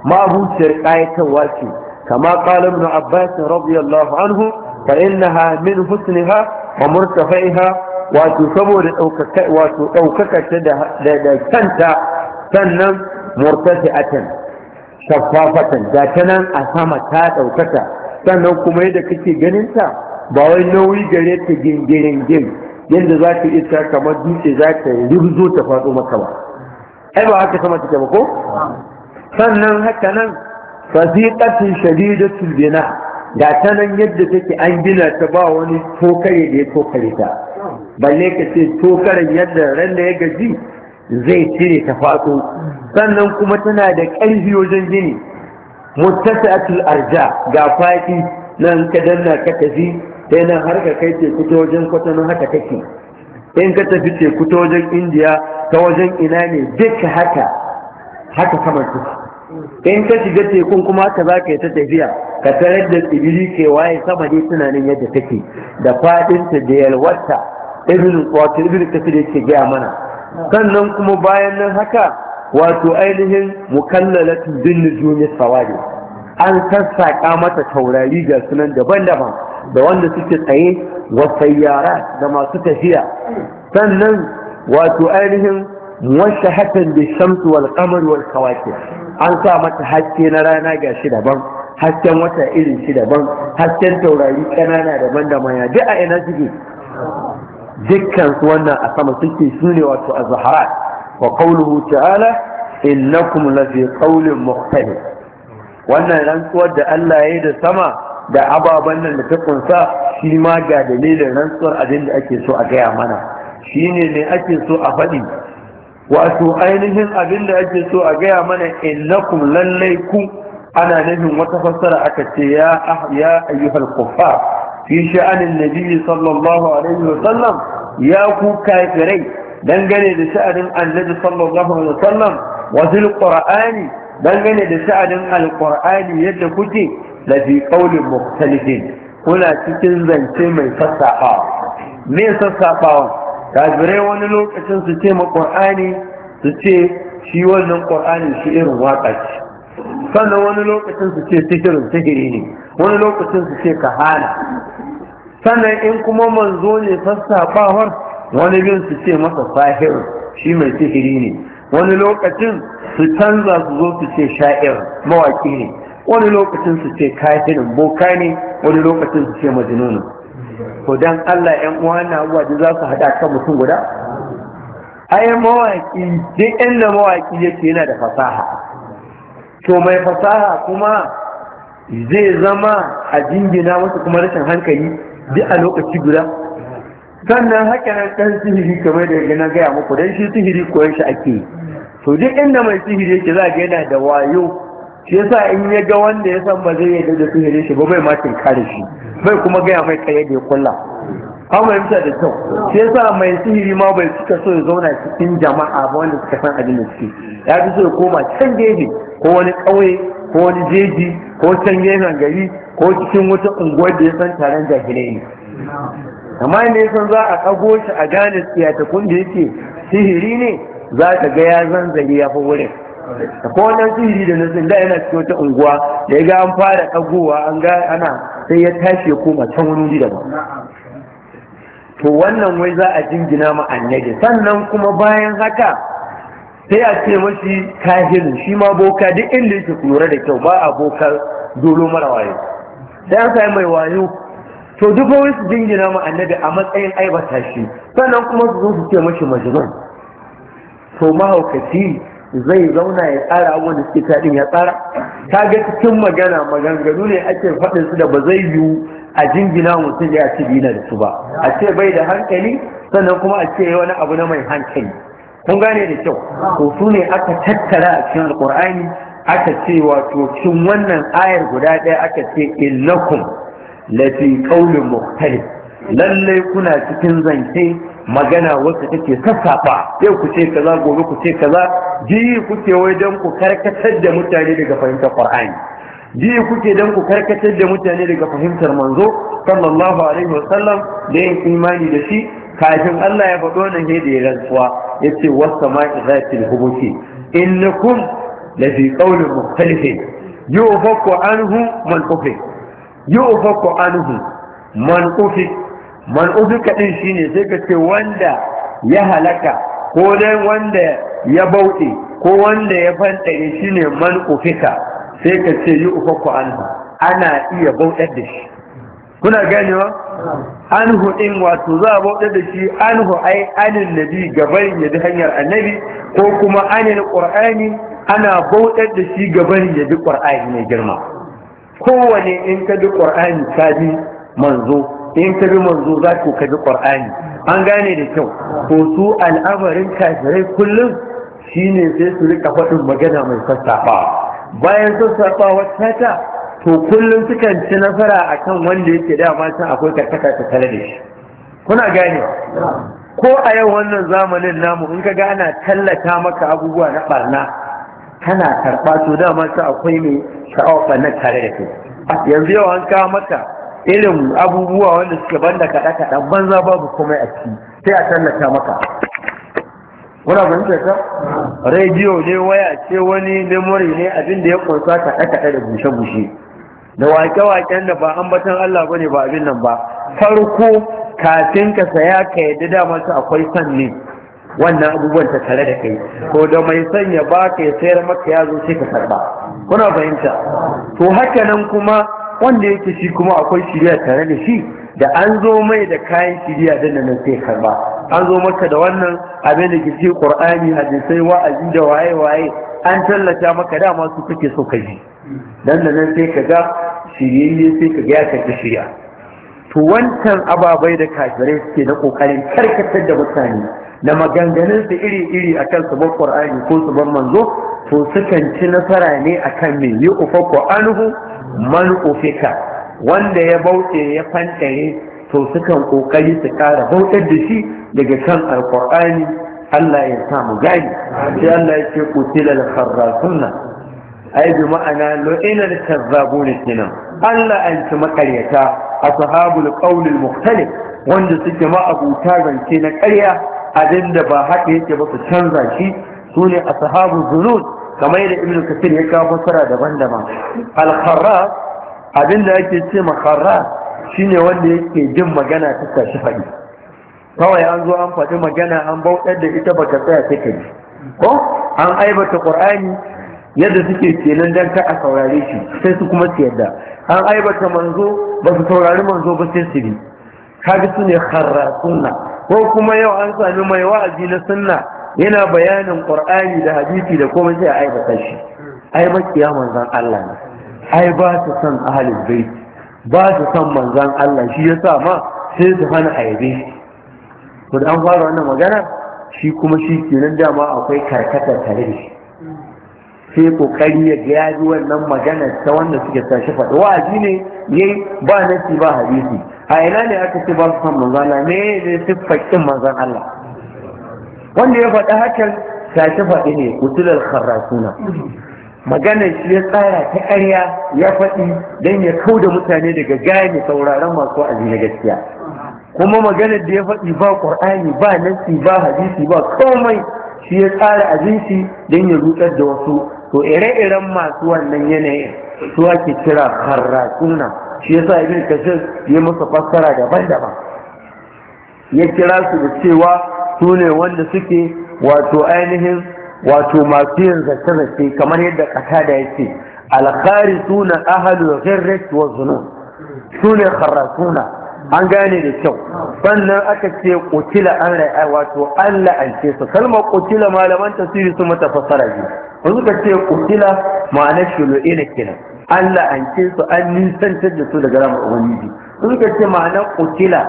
A: ma'abuciyar ƙayatarwa ce كما قال ابن عباس رضي الله عنه فإنها من حسنها ومرتفعها وتصبر أوكك كنت سنا مرتفعة شفافة ذاتنا أسامتها أوكك سنا كما يدكك جننتا باوي نوي جريت جن جن جن yadda za ta isa kamar dutse za ta rubzo ta faɗo maka ba ai ba haka sama take ba ko sannan haka nan fasiqatin shadidatul bina ga ta yadda take an gina ta ba wani tokare da ya tokare ta balle ka ce tokaren yadda ran da ya gaji zai cire ta fato sannan kuma tana da ƙarfi wajen gini muttasatul arja ga faɗi nan ka danna ka tafi sai nan har ka kai teku ta wajen kwatanin haka kake in ka tafi teku ta wajen indiya ta wajen ina ne duka haka haka kamar duka. in ka shiga tekun kuma ta za ka yi ta tafiya ka tarar da tsibiri ke waye sama dai tunanin yadda take da faɗinta da yalwata ibn wato ibn kasir yake gaya mana sannan kuma bayan nan haka wato ainihin mukallalatu bin nujumi sawadi an sassaƙa mata taurari ga sunan daban-daban da wanda suke tsaye wa sayyara da masu tafiya sannan wato ainihin wasa hakan da shamsu wal qamar wal kawakib an sa mata haske na rana ga shi daban hasken wata irin shi daban hasken taurari ƙanana daban da maya duk a ina suke dukkan su wannan a sama suke sune wato a zaharat wa qawluhu ta'ala innakum la fi qawlin mukhtalif wannan rantsuwar da Allah ya yi da sama da ababen nan da ta kunsa shi ma ga dalilin rantsuwar abin da ake so a gaya mana shine ne ake so a faɗi wato ainihin abin da ake so a gaya mana innakum lallai ku ana nufin wata fassara aka ce ya ah, ya ayyuhal kuffar fi sha'anin nabiyyi sallallahu alaihi wa sallam ya ku kafirai dangane da sha'anin annabi sallallahu alaihi wa sallam wa zil qur'ani dangane da sha'anin alqur'ani yadda kuke la fi qawlin mukhtalifin kuna cikin zance mai sassafa me sassafawa kafirai wani lokacin su ce ma su ce shi wannan ƙwar'ani shi irin waka ce sannan wani lokacin su ce sihirin sihiri ne wani lokacin su ce kahana sannan in kuma manzo ne sassaɓawar wani bin su ce masa sahir shi mai sihiri ne wani lokacin su canza su zo su ce sha'ir mawaki ne wani lokacin su ce kafirin boka ne wani lokacin su ce majinunin Ko dan Allah ƴan uwa na uwa da za su haɗa kan mutum guda ai mawaki duk inda mawaki yake yana da fasaha to mai fasaha kuma zai zama a jingina wasu kuma rashin hankali duk a lokaci guda sannan haka nan ɗan sihiri kamar da na gaya muku dan shi sihiri koyon shi ake to duk inda mai sihiri yake za ga yana da wayo shi yasa in ya ga wanda ya san ba zai yarda da sihiri shi ba bai ma kare shi bai kuma gaya mai kaya da ya kulla an fahimta da kyau sai yasa mai sihiri ma bai suka so ya zauna cikin jama'a ba wanda suka san abin da suke ya fi so ya koma can gefe ko wani ƙauye ko wani jeji ko can gefen gari ko cikin wata unguwar da ya san taron jahilai ne amma ne san za a kago shi a gane tsiyatakun da yake sihiri ne za ka ga ya zanzare ya fi wurin ko wannan tsiri da nasin da yana cikin wata unguwa da ya ga an fara dagowa an ga ana sai ya tashi ya koma can wani wuri daban to wannan wai za a jingina ma annabi sannan kuma bayan haka sai a ce mashi kahirin shi ma boka duk inda yake kura da kyau ba a boka dolo mara wayo sai an sai mai wayo to duk wani su jingina ma annabi a matsayin aibata shi sannan kuma su zo su ce mashi majnun to mahaukaci zai zauna ya tsara abubuwan da suke taɗin ya tsara ta ga cikin magana maganganu ne ake faɗin su da ba zai yiwu a jingina mutum ya ci dina da su ba a ce bai da hankali sannan kuma a ce wani abu na mai hankali kun gane da kyau ko su ne aka tattara a cikin alkur'ani aka ce wato cikin wannan ayar guda ɗaya aka ce innakum lafi kaulin mukhtalif lallai kuna cikin zance magana wacce take sassafa yau ku ce kaza gobe ku ce kaza jiyi kuke wai don ku karkatar da mutane daga fahimtar qur'ani jiyi kuke dan ku karkatar da mutane daga fahimtar manzo sallallahu alaihi wasallam da yin imani da shi kafin Allah ya faɗo nan da ya rantsuwa yace was-sama'i zatil hubuki innakum la fi qawlin mukhtalifin yufaku anhu man ufik yufaku anhu man ufik man uzika din shine sai ka ce wanda ya halaka ko dai wanda ya bauɗe ko wanda ya fantare shine man ufika sai ka ce yi ufaku anhu ana iya bautar da shi kuna ganewa anhu din wato za a bautar da shi anhu ai anin nabi gabarin ya bi hanyar annabi ko kuma anin qur'ani ana bautar da shi gabarin ya bi qur'ani mai girma kowane in ka bi qur'ani ka bi manzo in ka bi manzo za ku ka bi ƙwar'ani an gane da kyau ko su al'amarin kafirai kullum shine sai su rika faɗin magana mai sassafa bayan sassafa wata ta to kullum sukan ci nasara a kan wanda yake dama can akwai karkata ta tare da shi kuna gane ko a yau wannan zamanin namu in ka gana tallata maka abubuwa na barna kana karɓa to dama ta akwai mai sha'awar na tare da kai yanzu yau an kawo maka irin abubuwa wanda suke banda kaɗa kaɗan banza babu komai a ciki sai a tallata maka kuna fahimta ta rediyo ne waya ce wani memory ne abin da ya kunsa kaɗa kaɗa da bushe bushe da wake waken da ba ambatan Allah bane ba abin nan ba farko kafin ka saya ka yadda dama akwai san ne wannan abubuwan ta tare da kai ko da mai sanya ya baka ya sayar maka ya zo sai ka karba kuna fahimta to haka nan kuma wanda yake shi kuma akwai shirya tare da shi da an zo mai da kayan shirya da nan sai karba an zo maka da wannan abin da ke qur'ani hadisai wa'azi da waye waye an tallata maka dama su kake so ka ji dan nan sai ka ga shiriyayye sai ka ga ya shiriya to wancan ababai da kafirai suke na kokarin karkatar da mutane da maganganun su iri iri akan su bar qur'ani ko su bar manzo to sukan ci nasara ne akan me yi ufaqqa anhu man ofika, wanda ya bauce ya fantare to sukan kokari su kara bautar da shi daga kan Alƙur'ani. Allah ya sa mu gani sai Allah ya ce qutila al-kharrasuna ai bi ma'ana lu'ina al kenan Allah an ci makaryata ashabul qawl al-mukhtalif wanda suke ma'abuta zance na ƙarya abinda ba haɗe yake ba su canza shi su ne ashabu zunun kamar yadda ibnu kasir ya kawo fasara daban-daban al abinda ake ce ma kharra, shine wanda yake jin magana ta tashi fadi. kawai an zo an faɗi magana an bautar da ita baka tsaya take ji ko an aibata qur'ani yadda suke kenan dan ka a saurare shi sai su kuma su yadda an aibata manzo ba su saurari manzo ba sai su bi kaga su ne sunna ko kuma yau an sami mai wa'azi na sunna yana bayanin qur'ani da hadisi da kuma sai a aibata shi ai makiya manzon Allah ne ai ba su san ahlul bait ba su san manzon Allah shi yasa ma sai su hana aibe to da an fara wannan magana shi kuma shi kenan dama akwai karkatar tare da shi sai kokari ya ga yaji wannan magana ta wanda suke shi faɗi wa'azi ne yayi ba nasi ba hadisi a ina ne aka ce ba su san manzon Allah ne ne manzon Allah wanda ya faɗi hakan ta faɗi ne kutular kharrasuna maganar shi ya tsara ta ƙarya ya faɗi don ya kau da mutane daga gane sauraron masu wa'azi na gaskiya kuma maganar da ya faɗi ba ƙur'ani ba nasi ba hadisi ba komai shi ya tsara abinci don ya rutsar da wasu to ire-iren masu wannan yanayin su ake kira harratuna shi ya sa abin kasir ya masa fassara daban-daban ya kira su da cewa su ne wanda suke wato ainihin wato masu yin zace-zace kamar yadda ƙasa da yake alkhari suna ahalu ghirrat wa zuno su ne kharasuna an gane da kyau sannan aka ce kutila an ra'a wato an la'ance su kalmar kutila malaman tasiri sun mata fasara biyu wasu ka ce kutila ma'ana ina kenan an la'ance su an nisantar da su daga ramar ubangiji sun ka ce ma'ana kutila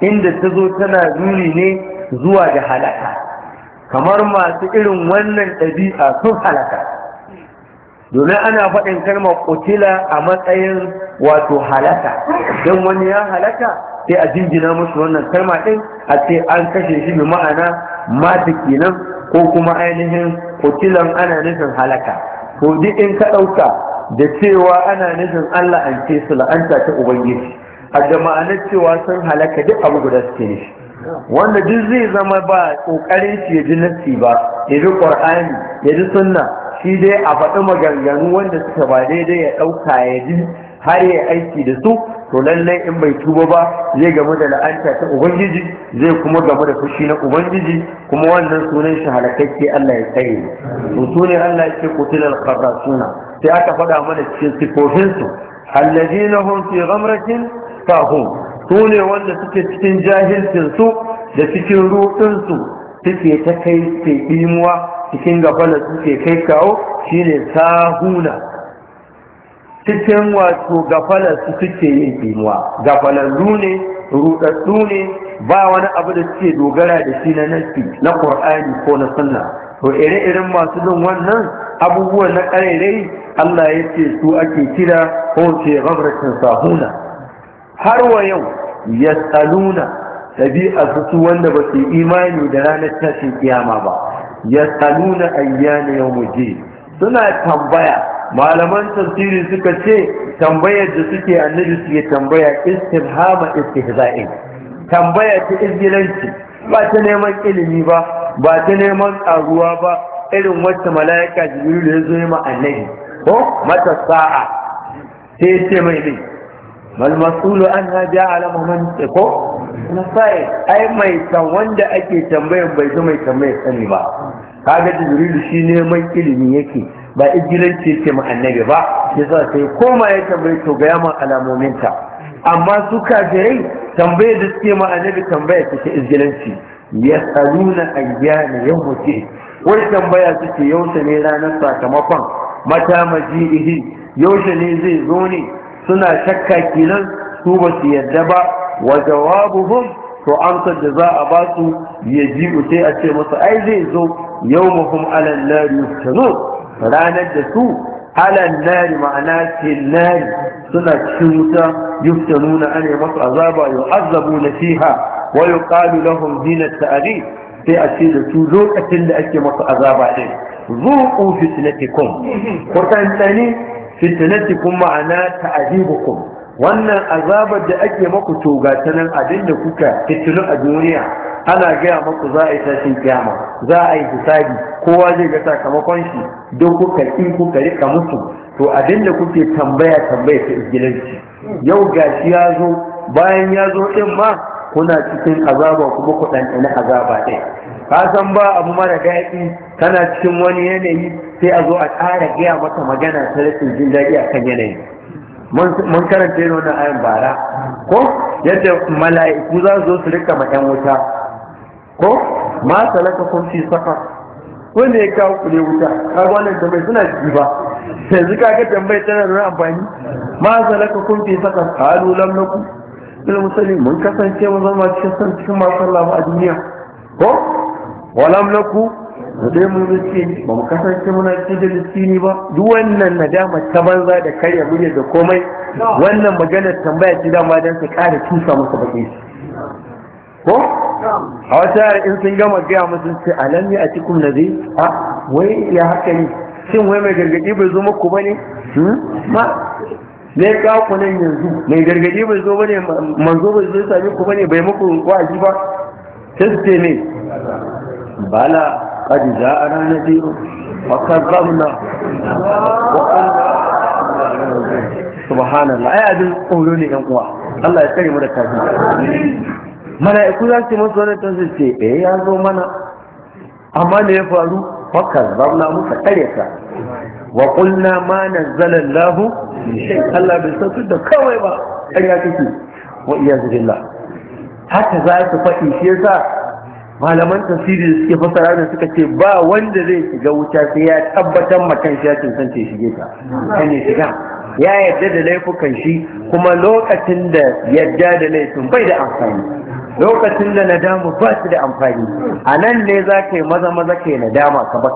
A: inda ta zo tana nuni ne zuwa da halaka kamar masu irin wannan ɗabi'a sun halaka domin ana faɗin kalma kutila a matsayin wato halaka don wani ya halaka sai a jinjina musu wannan kalma ɗin a ce an kashe shi bi ma'ana mata kenan ko kuma ainihin kutilan ana nufin halaka to duk in ka ɗauka da cewa ana nufin Allah an ce su la'anta ta Ubangiji a da ma'anar cewa sun halaka duk abu guda suke nufi. wanda duk zai zama ba kokarin shi ya ji nassi ba ya ji qur'ani ya ji sunna shi dai a faɗi maganganu wanda suka ba daidai ya ɗauka ya ji har ya aiki da su to lallai in bai tuba ba zai gamu da la'anta ta ubangiji zai kuma gamu da fushi na ubangiji kuma wannan sunan shi halakakke Allah ya tsaye to sunan Allah ya ce al kharrasuna sai aka faɗa mana cikin sifofin su allazina hum fi ghamratin fahum su ne wanda suke cikin jahilcinsu da cikin ruɗinsu suke ta kai ke imuwa cikin gabana suke kai kawo shine sahuna cikin wato gafalar su suke yin imuwa gafalarru ne ruɗaɗɗu ne ba wani abu da suke dogara da shi na nasi na ƙur'ani ko na sunna to ire-iren masu bin wannan abubuwan na ƙarairai Allah ya ce su ake kira ko ce gabratin sahuna har wa yau ya yasaluna ɗabi'a su wanda ba su imani da ranar tashin kiyama ba ya yasaluna ayyana waje, suna tambaya malaman tasiri suka ce tambayar da suke annabi suke tambaya istirhama istihza'in tambaya ta izgilanci ba ta neman ilimi ba ba ta neman karuwa ba irin wacce mala'ika da ya zo yi annabi ko mata sa'a sai ce mai ne bal ana an ha ja alama man ko na sai ai mai san wanda ake tambayan bai zo mai tambayar sani ba kaga jibrilu shi ne neman ilimi yake ba igilanci yake ma annabi ba yasa sai koma ya tambaye to ga yaman alamominta amma su kafirai tambayar da suke ma annabi tambaya take ya saluna ayyana yau ce wai tambaya suke yaushe ne ranar sakamakon mata maji'ihi yaushe ne zai zo ne suna shakka kenan su ba su yadda ba wa jawabuhum to amsar da za a ba su ya ji sai a ce masa ai zai zo yawmuhum alan nari yuftanun ranar da su alan nari ma'ana ce nari suna cikin wuta yuftanuna ana masa azaba na fiha wa yuqalu lahum zinat ta'rif sai a ce da su lokacin da ake masu azaba din zuqu fitnatikum ku tantani fitnatikum ma'ana ta'dibukum wannan azabar da ake maku toga ta nan abinda kuka fitinu a duniya ana gaya maku za a yi tashin kiyama za a yi hisabi kowa zai ga sakamakon shi don kuka in kuka rika musu to abinda kuke tambaya tambaya ta igilanci yau gashi ya zo bayan ya zo din ma kuna cikin azaba kuma ku ɗanɗana azaba ɗaya ka san ba abu mara daɗi kana cikin wani yanayi sai a zo a ƙara gaya mata magana ta rashin jin daɗi a kan yanayi mun karanta yin wannan ayan bara ko yadda mala'iku za su zo su rika ma ƴan wuta ko ma salaka kun fi saka wanda ya kawo ku ne wuta kaga wannan tambayi suna ji ba yanzu kaga tambayi tana da amfani ma salaka kun fi saka kalu lam nakum ilmusalin mun kasance mu zama cikin san cikin masu Allah a duniya ko walam laku da dai mun zuci ba mu kasance muna cikin da miskini ba duk wannan nadama ta banza da karya murya da komai wannan magana tambaya ce dama don su kare tusa musu baki ko
C: a
A: wata in sun gama gaya musu ce alam ya a cikin nazi a wai ya haka ne shin wai mai gargadi bai zo muku ba ne hmm? ma ne ka ku nan yanzu mai gargadi bai zo ba ne manzo bai zo sami ku ba ne bai muku wa'azi ba sai su ce ne بلى قد جاءنا نذير وكرمنا وقلنا سبحان الله أي أدل قولوني كم قوة الله يتكلم من التاجين mala'iku za su masu wani tansu ce eh ya zo mana amma da ya faru fakar zauna muka tsare ka wa kulna ma nazzala Allah Allah bai sautu da kawai ba ƙarya kake wa iyyazu haka za su faɗi shi yasa malaman tafsiri da suke fasara da suka ce ba wanda zai shiga wuta sai ya tabbatar ma kan shi ya cancanta ya shige ta kan ya shiga ya yadda da laifukan shi kuma lokacin da yadda da laifin bai da amfani lokacin da nadama ba su da amfani a nan ne za ka yi maza maza ka yi nadama ka bar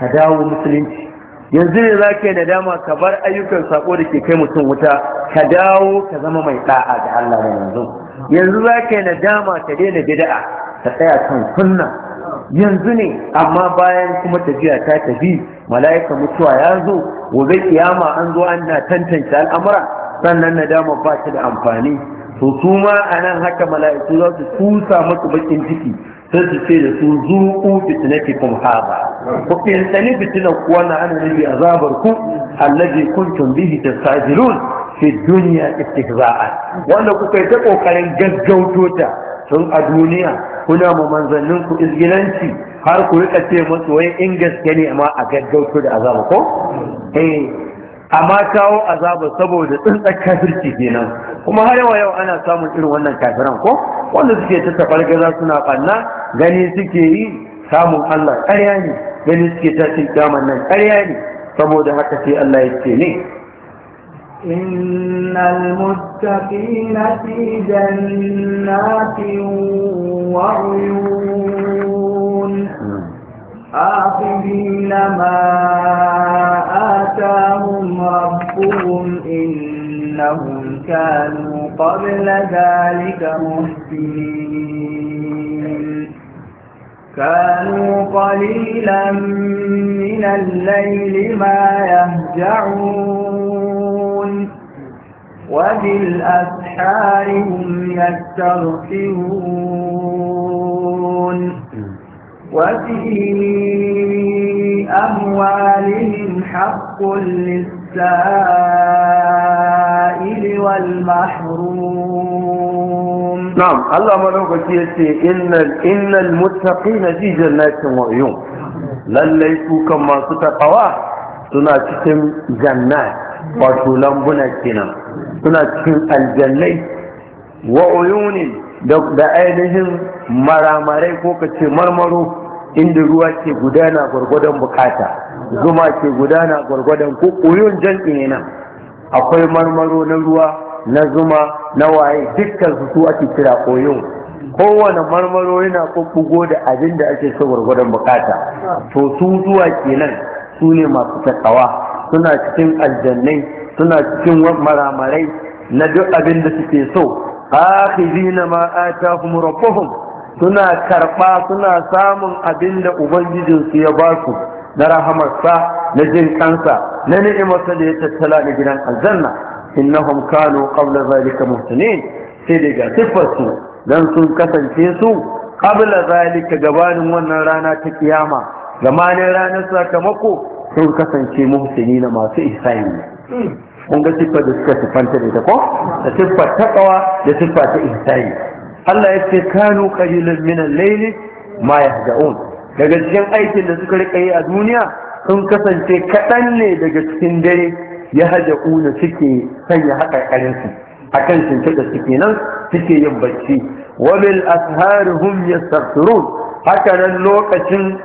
A: ka dawo musulunci yanzu ne za ka yi nadama ka bar ayyukan sako da ke kai mutum wuta ka dawo ka zama mai da'a da Allah da yanzu yanzu za ka yi nadama ka daina bid'a ka tsaya kan sunna yanzu ne amma bayan kuma tafiya ta tafi mala'ika mutuwa ya zo gobe kiyama an zo an na tantance al'amura sannan nadama ba ta da amfani to su ma a nan haka mala'iku za su kusa masu bakin ciki sai su ce da su zuku fitinati kum haza ku fitani fitinan kuwa na ana nufi azabar ku allazi kuntum bihi tastajirun fi dunya istihza'a wanda kuka yi ta kokarin gaggauto ta a duniya kuna mu manzannin ku izgilanci har ku rika ce musu wai in gaske ne amma a gaggauto da azaba ko eh amma kawo azaba saboda tsuntsar kafirci kenan kuma har yawa yau ana samun irin wannan kafiran ko wanda suke ta tafargaza suna banna gani suke yi samun Allah ƙarya ne gani suke ta cin nan ƙarya ne saboda haka sai Allah ya ce ne
B: إن المتقين في جنات وعيون آخذين ما آتاهم ربهم إنهم كانوا قبل ذلك مهتمين كانوا قليلا من الليل ما يهجعون يستغفرون وبالأسحار هم يستغفرون وفي أموالهم حق للسائل والمحروم
A: نعم الله ملوك يتي إن, إن المتقين في جنات وعيون لن ليسوا كما ستقوا سنة جنات wato lambuna kenan suna cikin aljannai wa uyunin da ainihin maramarai ko ka ce marmaro inda ruwa ke gudana gwargwadon bukata zuma ke gudana gwargwadon ko uyun jan'in akwai marmaro na ruwa na zuma na waye dukkan su ake kira koyon kowane marmaro yana kukkugo da abinda ake so gwargwadon bukata to su zuwa kenan su ne masu takawa suna cikin aljannai suna cikin maramarai na duk abin da suke so akhizina ma atahum rabbuhum suna karba suna samun abin da ubangijin su ya ba su na rahamarsa na jin kansa na ni'imarsa da ya tattala da gidan aljanna innahum kanu qabla zalika muhtanin sai daga su dan sun kasance su qabla zalika gabanin wannan rana ta kiyama gamanin ranar sakamako sun kasance muhsini na masu ihsani kun ga siffar da suka siffanta da ita ko da siffar taqwa da siffar ta ihsani Allah ya ce kanu qalilan min al-layli ma yahdaun daga cikin aikin da suka rika yi a duniya sun kasance kaɗan ne daga cikin dare ya haja ƙuna suke sanya su, a kan cince da suke nan suke yin bacci wabil asharihum yastaghfirun haka nan lokacin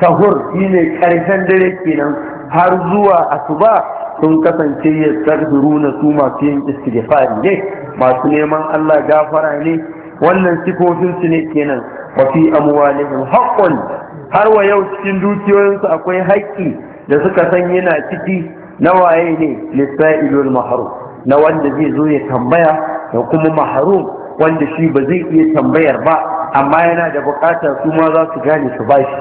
A: sahur ne karshen dare kenan har zuwa asuba sun kasance ya na su masu yin istighfari ne masu neman Allah gafara ne wannan sifofin su ne kenan wa fi amwalihim haqqun har wa yau cikin dukiyoyinsu akwai haƙƙi da suka san yana ciki na waye ne lisa'ilul mahrum na wanda zai zo ya tambaya da kuma mahrum wanda shi ba zai iya tambayar ba amma yana da bukatar su ma za su gane su ba shi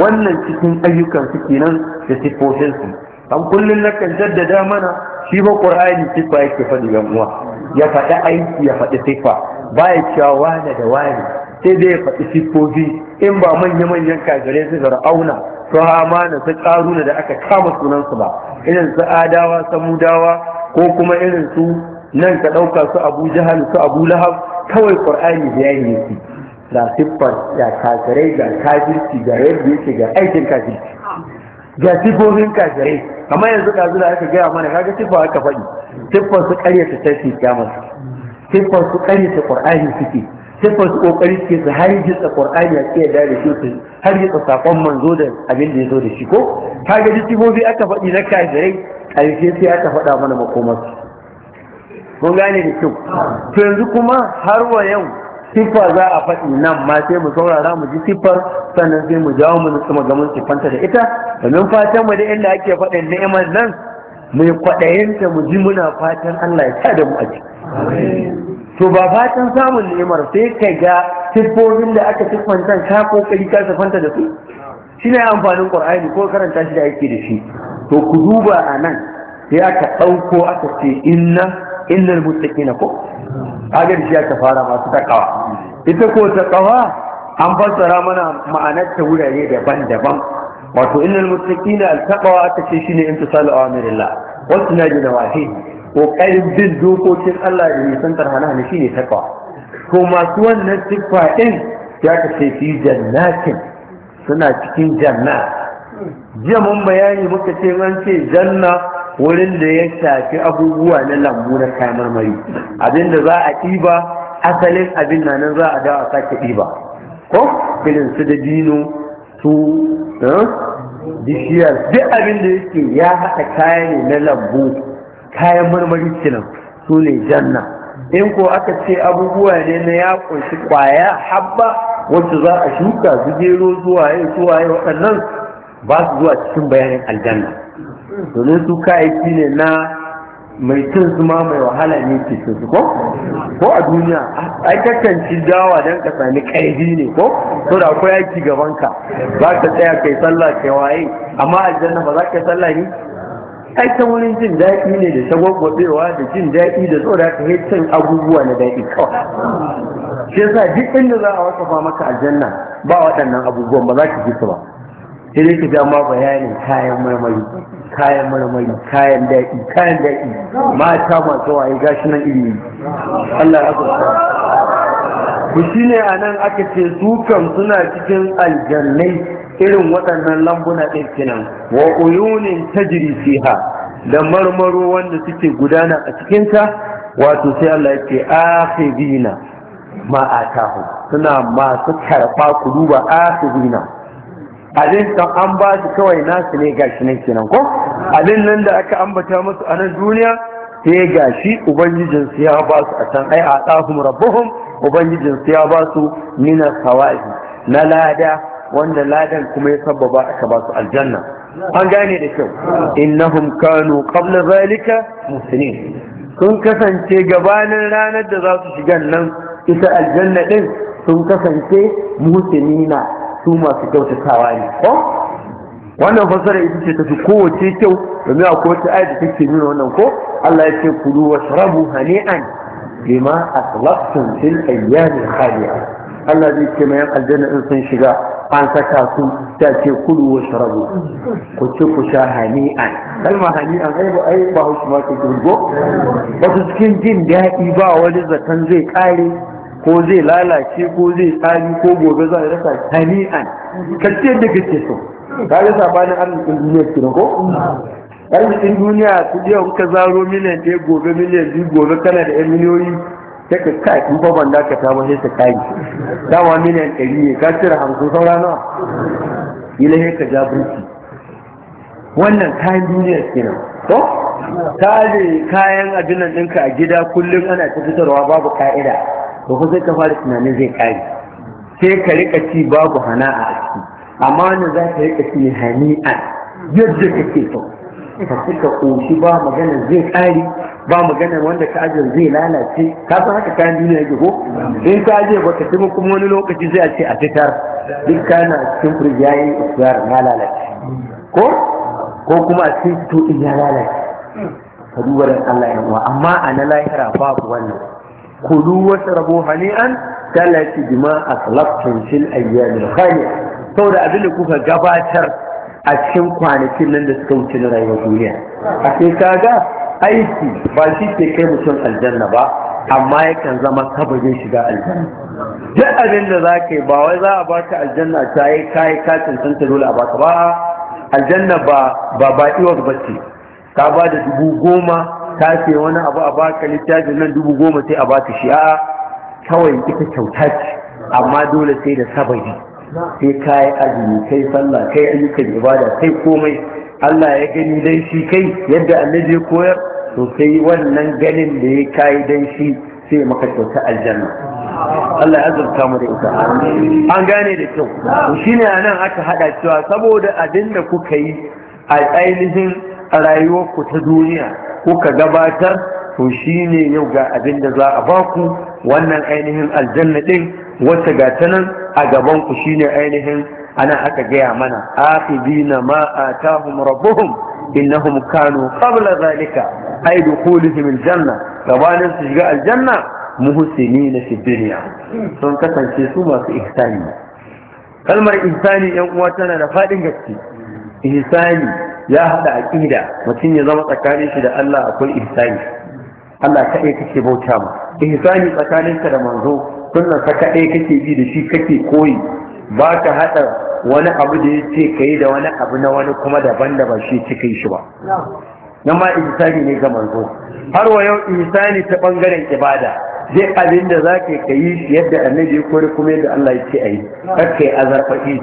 A: wannan cikin ayyukan su kenan da su. an kullum na kan jaddada mana shi ba qur'ani sifa yake faɗi yan uwa ya faɗi aiki ya faɗi Ba baya cewa wane da wane sai dai ya faɗi siffofi in ba manya-manyan kagare su zar'auna su hamana su karuna da aka kama sunansu ba irin su adawa samudawa ko kuma irin su nan ka ɗauka su abu jahal su abu lahab kawai ƙur'ani bayani yake ga siffar ga kafirai ga kafirci ga yadda yake ga aikin kafirci ga sifofin kafirai kamar yanzu ɗazu da aka gaya mana kaga siffa aka faɗi siffar su ƙaryata tafi kyamar siffar su ƙaryata ƙur'ani suke siffar su ƙoƙari suke su har yi jitsa ƙur'ani a tsaye da shi su har jitsa saƙon manzo da abin da ya zo da shi ko kaga duk sifofi aka faɗi na kafirai ƙarshe sai aka faɗa mana makomarsu kun gane da kyau to yanzu kuma har wa yau siffa za a faɗi nan ma sai mu saurara mu ji siffar sannan sai mu jawo mu nutsu ga siffanta da ita domin fatan mu da inda ake faɗin ni'imar nan mai kwaɗayinta mu ji muna fatan Allah ya sa da mu a to ba fatan samun ni'imar sai ka ga siffofin da aka siffanta ka kokari ka siffanta da su shi ne amfanin ƙwar'ani ko karanta shi da ake da shi to ku duba a nan sai aka ɗauko aka ce inna illal muttaqina ko kaga shi aka fara masu takawa ita ko takawa an fassara mana ma'anar ta wurare daban-daban wato illal muttaqina al-taqwa ta ce shine imtisalu awamirillah wasu na ji da wahi kokarin bin dokokin Allah da nisan tarhana ne shine takawa to masu wannan siffa din ya ka ce fi jannatin suna cikin janna jiya mun bayani muka ce an ce janna wurin da ya shafi abubuwa na lambu na kayan marmari abinda za a ɗiba asalin abin na nan za a dawo a sake ɗiba ko filin su da dino su eh, bishiyar duk abin da yake ya haɗa kaya ne na lambu kayan marmari kenan su ne janna in ko aka ce abubuwa ne na ya ƙunshi kwaya habba wacce za a shuka su gero zuwa yau zuwa yau waɗannan ba su zuwa cikin bayanin aljanna domin su kayayyaki ne na mai cin su ma mai wahala ne ke cin su ko ko a duniya ai kakan ci dawa dan ka sami karfi ne ko to da akwai yaki gaban ka za ka tsaya kai sallah kai waye amma Al-Janna ba za ka sallah ne ai ta wurin jin daɗi ne da shagwagwabewa da jin daɗi da tsoro ka yi cin abubuwa na daɗi kawai shi yasa duk inda za a wasafa maka aljanna ba waɗannan abubuwan ba za ka ji su ba sai dai ka dama ma bayanin kayan marmari kayan marmari kayan daɗi kayan daɗi mata masu waye gashi nan iri Allah ya kusa ku shi ne a nan aka ce dukan suna cikin aljannai irin waɗannan lambuna ɗin kenan wa uyunin tajri fiha da marmaro wanda suke gudana a cikinta wato sai Allah ya ce akhidina ma atahu suna masu karfa ku duba akhidina abin kan an ba su kawai nasu ne gashi nan kenan ko abin nan da aka ambata musu a nan duniya sai gashi ubangijin su ya ba su a can ai a tsahum rabbuhum ubangijin su ya ba su mina na lada wanda ladan kuma ya sababa aka ba su aljanna an gane da kyau innahum kanu qabla zalika muslimin sun kasance gabanin ranar da za su shiga nan ita aljanna din sun kasance musulmina su masu kyautatawa ne ko wannan fasara ita ce ta fi kowace kyau domin a wata ayat da take nuna wannan ko Allah ya ce kulu washrabu hani'an bima aslaftum fil ayyami khaliya Allah zai ce mai aljanna in sun shiga an saka su ta ce kulu washrabu ku ci ku sha hani'an kalma hani'an ai ba ai ba hausa ma ke gurgo wasu cikin jin daɗi ba wani zaton zai ƙare. ko zai lalace ko zai tsari ko gobe za a rasa jami'an? kalce da kake so ka yi sabanin arzikin duniya kenan ko arzikin duniya su je ka zaro miliyan ɗaya gobe miliyan biyu gobe kana da yan miliyoyi ta ka kai kun fa ban ka ta wani ta kai dama miliyan ɗari ne ka cire hamsin saura nawa ilahi ka ja burki wannan kayan duniya kenan ko ka kayan abinan ɗinka a gida kullum ana ta fitarwa babu ka'ida to ku sai ka fara tunanin zai kare sai ka rika ci babu hana'a a ciki amma wannan za ka rika ci a yadda kake so ka suka ƙoshi ba maganar zai kare ba maganar wanda ka ajiyar zai lalace ka san haka kayan duniya yake ko in ka ajiye baka ci kuma wani lokaci zai a ce a fitar duk kana cikin firji yayi israr na lalace ko ko kuma a cikin fito ya lalace ka duba dan Allah ya amma a na lahira babu wannan Kudu wasu rabo hani'an talati bima aslaftum fil ayyamil khaliya saboda abin da kuka gabatar a cikin kwanakin nan da suka wuce na rayuwar duniya a sai kaga aiki ba shi ke kai mutum aljanna ba amma yakan zama kabarin shiga aljanna duk abin da za ka yi ba wai za a ba ka aljanna ta yi kayi san ta dole a ba ka ba aljanna ba ba ba iwas ba ce ka ba da dubu goma tace wani abu a baka littafin nan dubu goma sai a baka shi a kawai ita kyauta ce amma dole sai da sabari sai yi azumi kai sallah kai ayyukan ibada kai komai Allah ya gani dan shi kai yadda annabi ya koyar to wannan ganin da ya kayi dan shi sai maka kyauta aljanna Allah ya azurta mu da ita an gane da kyau shine anan aka hada cewa saboda abin da kuka yi a ainihin rayuwarku ta duniya kuka gabatar to shine yau ga abin da za a baku wannan ainihin aljanna din wacce ga ta nan a gaban ku shine ainihin ana aka gaya mana aqibina ma atahum rabbuhum innahum kanu qabla zalika ay dukhulihim aljanna gabanin su shiga aljanna muhsinina fi dunya sun kasance su masu ihsani kalmar ihsani yan uwa tana da fadin gaske ihsani ya haɗa aƙida mutum ya zama tsakanin shi da Allah akwai ihsani Allah kaɗai kake bauta mu ihsani ka da manzo sunnan ka kaɗai kake bi da shi kake koyi ba ka haɗa wani abu da ya ce da wani abu na wani kuma daban da ba shi cika shi ba nan ma ihsani ne ga manzo har wa yau ihsani ta bangaren ibada zai abin da za ka yi yadda annabi ya kori kuma yadda Allah ya ce a yi kakka azarfaɗi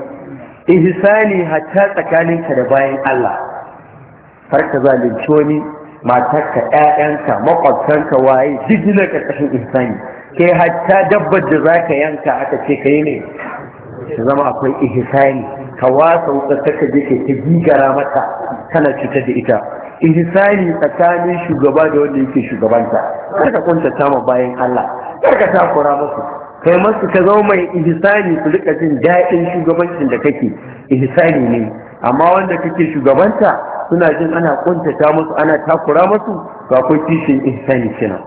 A: ihsani hatta tsakaninka da bayan Allah har ka zalunci wani matarka ƴaƴanka makwabtanka waye jigilar yana ƙarƙashin ihsani kai hatta dabbar da za ka yanka aka ce kai ne ta zama akwai ihsani ka wasa wuka ka ka ta gigara mata kana cutar da ita ihsani tsakanin shugaba da wanda yake shugabanta kar ka kuntata ma bayan Allah kar ka takura musu kai masu ka zama mai ihisani ku rika jin daɗin shugabancin da kake ihisani ne amma wanda kake shugabanta suna jin ana kuntata musu ana takura musu ga akwai kishin ihsani kina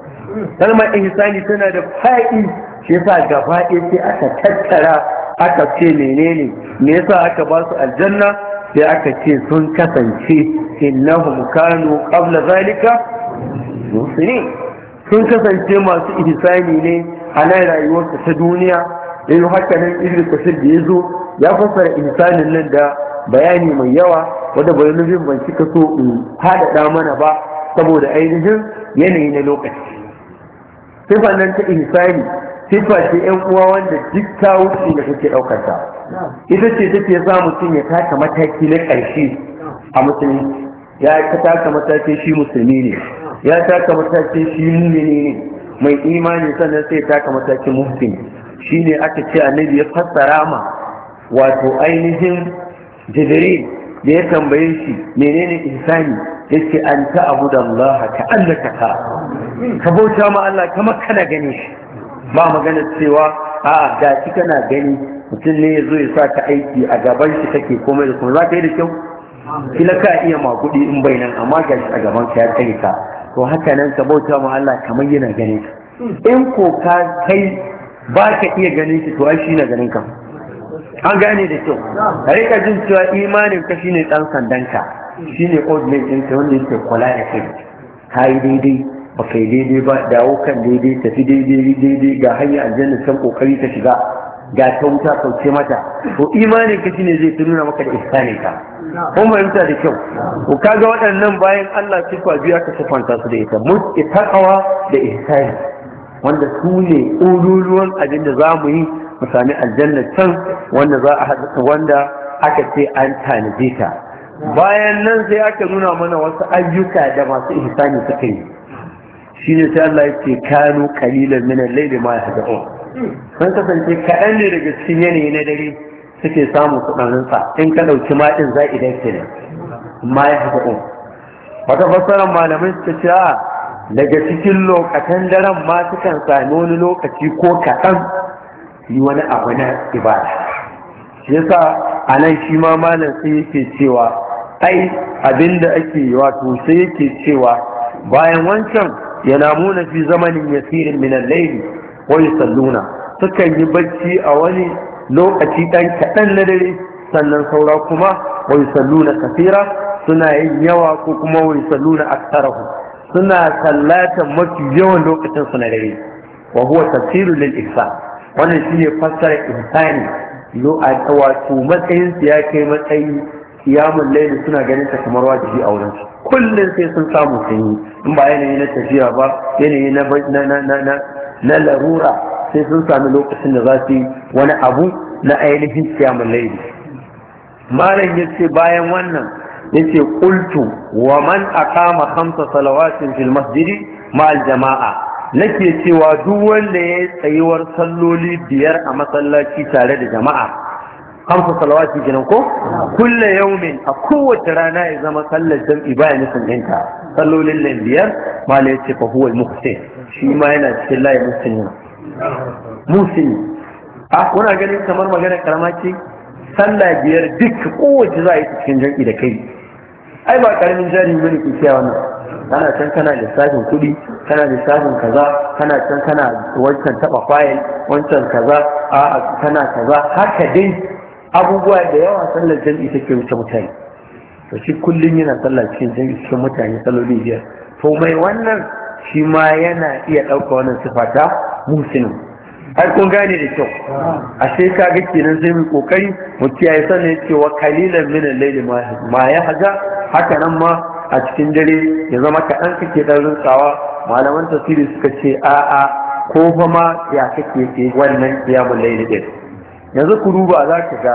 A: kalmar ihsani tana da fa'i shi yasa gaba ɗaya sai aka tattara aka ce menene me yasa aka ba su aljanna sai aka ce sun kasance innahum kanu qabla zalika muslimin sun kasance masu ihsani ne a nan rayuwarsa ta duniya In haka nan ibnu kasir da ya zo ya fassara ihsanin nan da bayani mai yawa wanda bayanin ban cika so in faɗaɗa mana ba saboda ainihin yanayi na lokaci sifa nan ta ihsani sifa ce yan uwa wanda duk ta wuce da kake ɗaukar ta ita ce take sa mutum ya taka mataki na ƙarshe a musulunci ya taka mataki shi musulmi ne ya taka mataki shi mumini ne mai imani sannan sai taka matakin muhsin shine aka ce annabi ya fassara ma wato ainihin jibril da ya tambaye shi menene ya yake an ta'budu Allah ka annaka ka ka bauta ma Allah kamar kana gani shi ba magana cewa a'a da shi kana gani mutum ne yazo ya sa ka aiki a gaban shi kake komai da kuma za ka yi da kyau kila ka iya makudi in bai nan amma ga shi a gaban ka ya tsare ka to haka nan ka bauta ma Allah kamar yana ganin ka in ko ka kai ba ka iya ganin shi to ai shi na ganin ka an gane da kyau a rika jin cewa imanin ka shine dan sandanka shine ordinary din ka wanda yake kula da kai kai yi daidai ba kai daidai ba dawo kan daidai tafi daidai daidai ga hanyar aljanna san kokari ta shiga ga ta wuta kauce mata to imanin ka shine zai nuna maka da ihsanin ka kun fahimta da kyau ko kaga waɗannan bayan Allah kwa biya ka sifanta su da ita mut itaqwa da ihsani wanda su ne ƙururuwan abin da za mu yi mu sami aljanna can wanda za a wanda aka ce an tanaje ta bayan nan sai aka nuna mana wasu ayyuka da masu ihsani suka yi shine sai Allah yake kanu qalilan min al-layli ma yahdaun sun kasance kaɗan ne daga cikin yanayi na dare suke samu kudanin sa in ka dauki maɗin za idan ne. ma yahdaun wata fassarar malamai suka ce daga cikin lokacin daren ma sukan sami wani lokaci ko kaɗan su yi wani abu na ibada Ya yasa a nan shi ma malam sai yake cewa ai abin da ake yi wato sai yake cewa bayan wancan yanamuna fi zamanin yasirin min al-layli wa salluna sukan yi bacci a wani lokaci dan kaɗan na dare sannan saura kuma wa salluna! kafira suna yin yawa ko kuma wa salluna! aktsarahu suna sallatan mafi yawan lokacin su na dare wa huwa tafsirul lil ihsan wannan shi ne fassara insani lo a wato matsayin su ya kai matsayi kiyamun laili suna ganin ta kamar wajibi a wurin kullum sai sun samu sanyi in ba yanayi na tafiya ba yanayi na na na na na larura sai sun sami lokacin da za su yi wani abu na ainihin kiyamun laili malam ya ce bayan wannan ya ce kultu wa man aqama hamsa salawatin fil masjidi ma'al jama'a nake cewa duk wanda ya tsayuwar salloli biyar a masallaci tare da jama'a hamsu salawati kenan ko kulle yaumin a kowace rana ya zama sallar jam'i baya nufin yanka sallolin nan biyar mala ya ce fa huwa muhsin shi ma yana cikin layi muhsin muhsin a kuna ganin kamar magana karama ce sallah biyar duk kowace za a yi cikin jam'i da kai ai ba karamin jari bane ke cewa wannan kana can kana lissafin kuɗi kana lissafin kaza kana can kana wancan taɓa fayil wancan kaza a kana kaza haka dai
B: abubuwa da yawa sallar
A: jam'i take wuce mutane to shi kullum yana sallar cikin jam'i cikin mutane salloli biyar to mai wannan shi ma yana iya ɗauka wannan sifata musinin ai kun gane da kyau ashe ka ga kenan sai mu kokari mu kiyaye sanin cewa kalilan min al-layli ma ya haja haka nan ma a cikin dare ya zama kaɗan kake ɗan rinsawa malaman tafsiri suka ce a'a ko fa ma ya kake ke wannan mulai da din yanzu ku duba za ka ga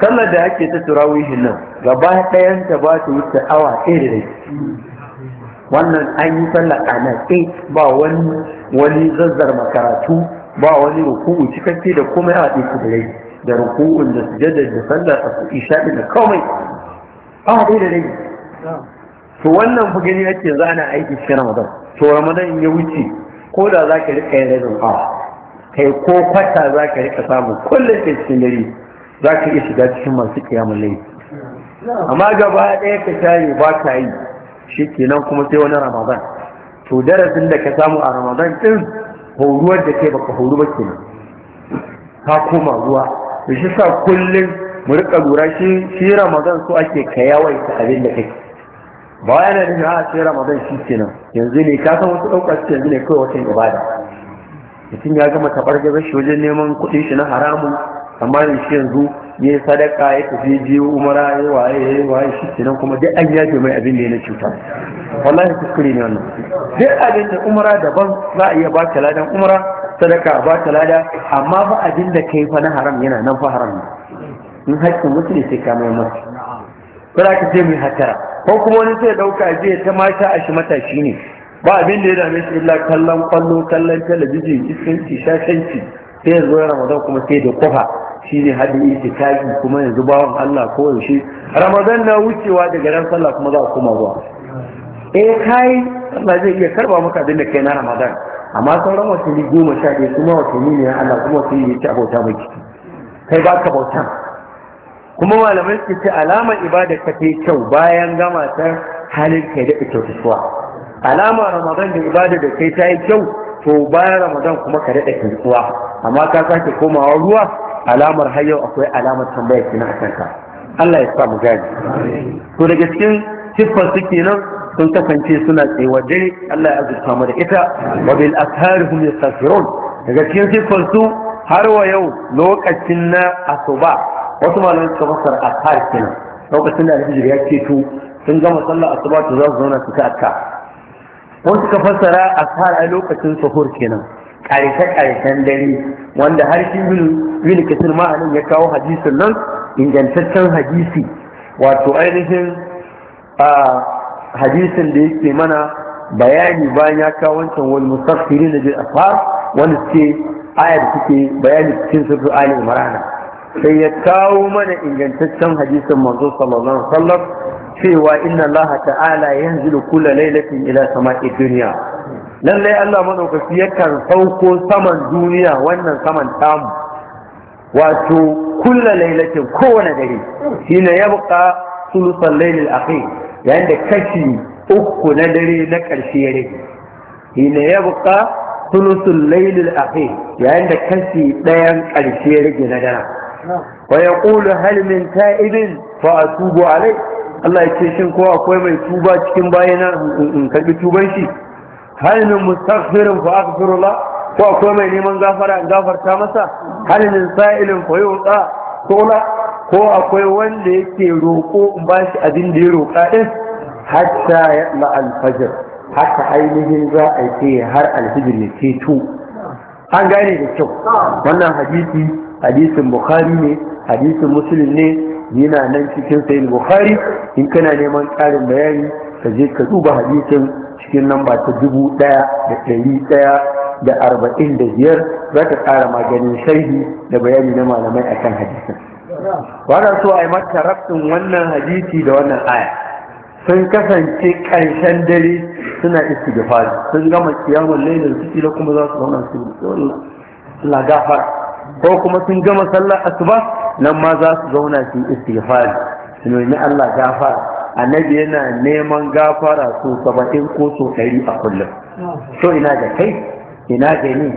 A: sallar da ake ta turawihin nan gaba ɗayan ta ba ta wuce awa ɗaya da rai wannan an yi sallar a nan ba wani wani zazzar makaratu ba wani ruku'u cikakke da komai a ɗaya da rai da ruku'un da sujada da sallar a ɗin da kawai, awa ɗaya da rai
C: to
A: wannan fa gani ake za ana aiki cikin ramadan to ramadan ya wuce ko da za ka rika yin rabin awa kai ko kwata za ka rika samu kullum ke cikin dare za ka iya shiga cikin masu kiyamun laifi amma gaba ɗaya ka shayi ba ka yi shi kenan kuma sai wani ramadan to darasin da ka samu a ramadan din horuwar da kai baka horu ba kenan ka koma ruwa da shi sa kullum mu rika lura shi ramadan su ake ka yawaita abin da kake ba yana da nuna a ma ramadan shi kenan yanzu ne ka san wasu ɗaukar shi yanzu ne kawai watan ibada mutum ya gama taɓar gaza shi wajen neman kuɗin shi na haramun amma ne shi yanzu ya yi sadaka ya tafi biyu umara ya yi waye ya yi waye shi kenan kuma duk an yafe mai abin da ya na cuta wallahi kuskure ne wannan duk abin da umara daban za a iya baka ladan umara sadaka a baka lada amma ba abin da kai fa na haram yana nan fa haram ne in haƙƙin mutum sai ka mai masa. ka ce mai hatara. ko kuma wani sai dauka jiya ta mata a shi matashi ne ba abin da ya dame shi illa kallon kwallo kallon talabijin iskanci shashanci sai yanzu ramadan kuma sai da kofa shine haɗin itikafi kuma yanzu bawan Allah ko yaushe ramadan na wucewa daga ran sallah kuma za a koma zuwa eh kai Allah zai iya karba maka abin da kai na ramadan amma sauran watanni goma sha ɗaya kuma watanni ne Allah kuma watanni ne ci abota maki kai ba ka bauta kuma malamai su ce alama ibada ka ta kyau bayan gama ta halin kai da kusuwa alama ramadan da ibada da kai ta yi kyau to bayan ramadan kuma ka daɗa kyautuwa amma ka sake komawa ruwa alamar har yau akwai alamar tambaya kina a kanka Allah ya sa mu gani to daga cikin siffar su kenan sun kasance suna tsewa dare Allah ya azurta mu da ita wa bil asharihum yastaghfirun daga cikin siffar su har wa yau lokacin na asuba wasu malamai suka fassara askar kenan lokacin da alfijir ya ceto sun gama sallar asuba to za su zauna su ta askar wasu suka fassara askar a lokacin sahur kenan karshe-karshen dare wanda har shi bin kasir ma'anin ya kawo hadisin nan ingantaccen hadisi wato ainihin hadisin da yake mana bayani bayan ya kawo wancan wal musaffiri na bil afar wani suke da suke bayani cikin sirri ali imrana sai ya kawo mana ingantaccen hadisin manzo sallallahu alaihi wasallam cewa inna Allah ta'ala yanzu yanzilu kula lailatin ila sama'i duniya. lallai Allah madaukaki yakan sauko saman duniya wannan saman tamu wato kula lailatin kowane dare shine buƙa sulusan lailil akhir yayin da kashi uku na dare na ƙarshe ya rage shine buƙa sulusul lailil akhir yayin da kashi ɗayan ƙarshe ya rage na dare wa yaqulu hal min ta'ibin fa atubu alai Allah ya ce shin ko akwai mai tuba cikin bayana in karbi tuban shi hal min mustaghfirin fa aghfirullah ko akwai mai neman gafara in gafarta masa hal min sa'ilin fa yuta tola ko akwai wanda yake roƙo in ba shi abin da ya roƙa din hatta ya al-fajr haka ainihin za a ce har alfijir ya ceto an gane da kyau wannan hadisi hadisin bukhari ne hadisin muslim ne yana nan cikin sayin bukhari in kana neman ƙarin bayani ka je ka duba hadisin cikin lamba ta dubu ɗaya da ɗari ɗaya da arba'in da biyar za ka ƙara maganin sharhi da bayani na malamai akan hadisin wannan so a yi mata rafin wannan hadisi da wannan aya sun kasance ƙarshen dare suna fari, sun gama kiyamun lailin su kila kuma za su zauna su yi Allah gafara ko kuma sun gama sallar asuba nan ma za su zauna su istighfari su ni Allah gafara annabi yana neman gafara su saba'in ko so ɗari a kullum so ina ga kai ina ga ni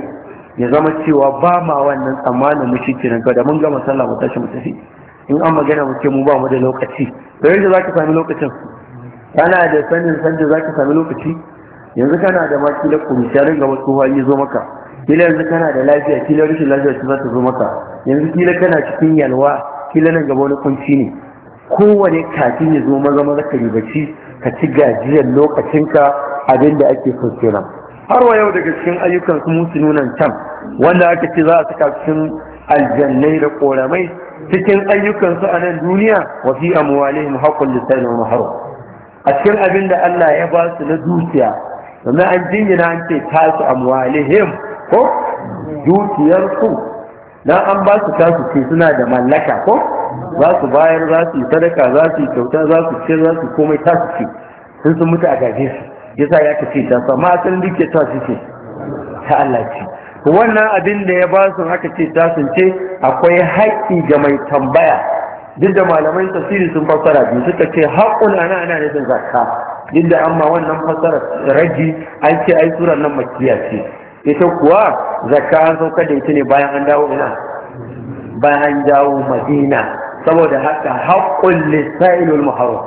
A: ya zama cewa ba ma wannan tsammanin mu shi kenan da mun gama sallah mu tashi mu tafi in an magana mu mu ba mu da lokaci to yanzu za ka sami lokacin kana da sanin sanin za ka sami lokaci yanzu kana da maki da kuma sharin ga wasu hali zo maka kila yanzu kana da lafiya kila rashin lafiya ce za zo maka yanzu kila kana cikin yalwa kila nan gaba wani kunci ne kowane kafin ya zo maza maza ka bacci, ka ci gajiyar lokacinka abin da ake so kenan har wa yau daga cikin ayyukan su musu nunan can wanda aka ce za a saka cikin aljannai da koramai cikin ayyukan su a nan duniya wa fi amwalihim haqqul lisan wa mahar a cikin abin da Allah ya ba su na dukiya sannan an jingina an ce tasu amwalihim ko dukiyarsu na an ba su tasu ce suna da mallaka ko za su bayar za su yi sadaka za su yi kyauta za su ce za su komai tasu ce sun sun mutu a gaje su yasa ya kace ta sa ma asalin duke su ce ta Allah ce wannan abin da ya ba su aka ce ta sun ce akwai haƙƙi ga mai tambaya duk da malamai tasiri sun fassara biyu suka ce haƙun ana ana nufin zakka duk da amma wannan fassara raji an ce ai surar nan makiya ce ita kuwa zakka an zo da ita ne bayan an dawo ina bayan dawo madina saboda haka haƙƙun lisa'ilul muharram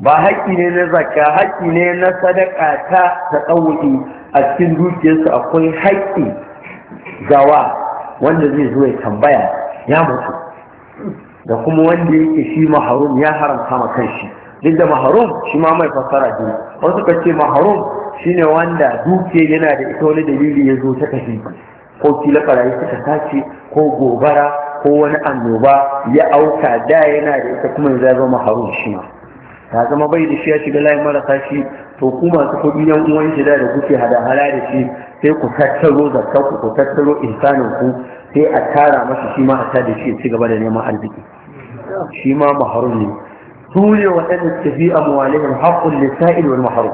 A: ba haƙƙi ne na zakka haƙƙi ne na sadaka ta tsawuki a cikin dukiyarsu akwai haƙƙi gawa wanda zai zo ya tambaya ya mutu da kuma wanda yake shi maharum ya haramta ma kan shi duk da maharum shi ma mai fassara ne wasu ka ce maharum shine wanda duke yana da ita wani dalili ya zo ta tafi ko kila barayi suka tace ko gobara ko wani annoba ya auka da yana da ita kuma ya zama maharum shi ma ta zama bai da shi ya shiga layin marasa shi to ku masu kuɗi yan uwan shi da kuke hada hala da shi sai ku tattaro zakkanku ku tattaro insanin ku sai a tara masa shi ma a tada shi ya ci gaba da neman arziki shi ma maharum ne سوريا وأن في أموالهم حق للسائل والمحروم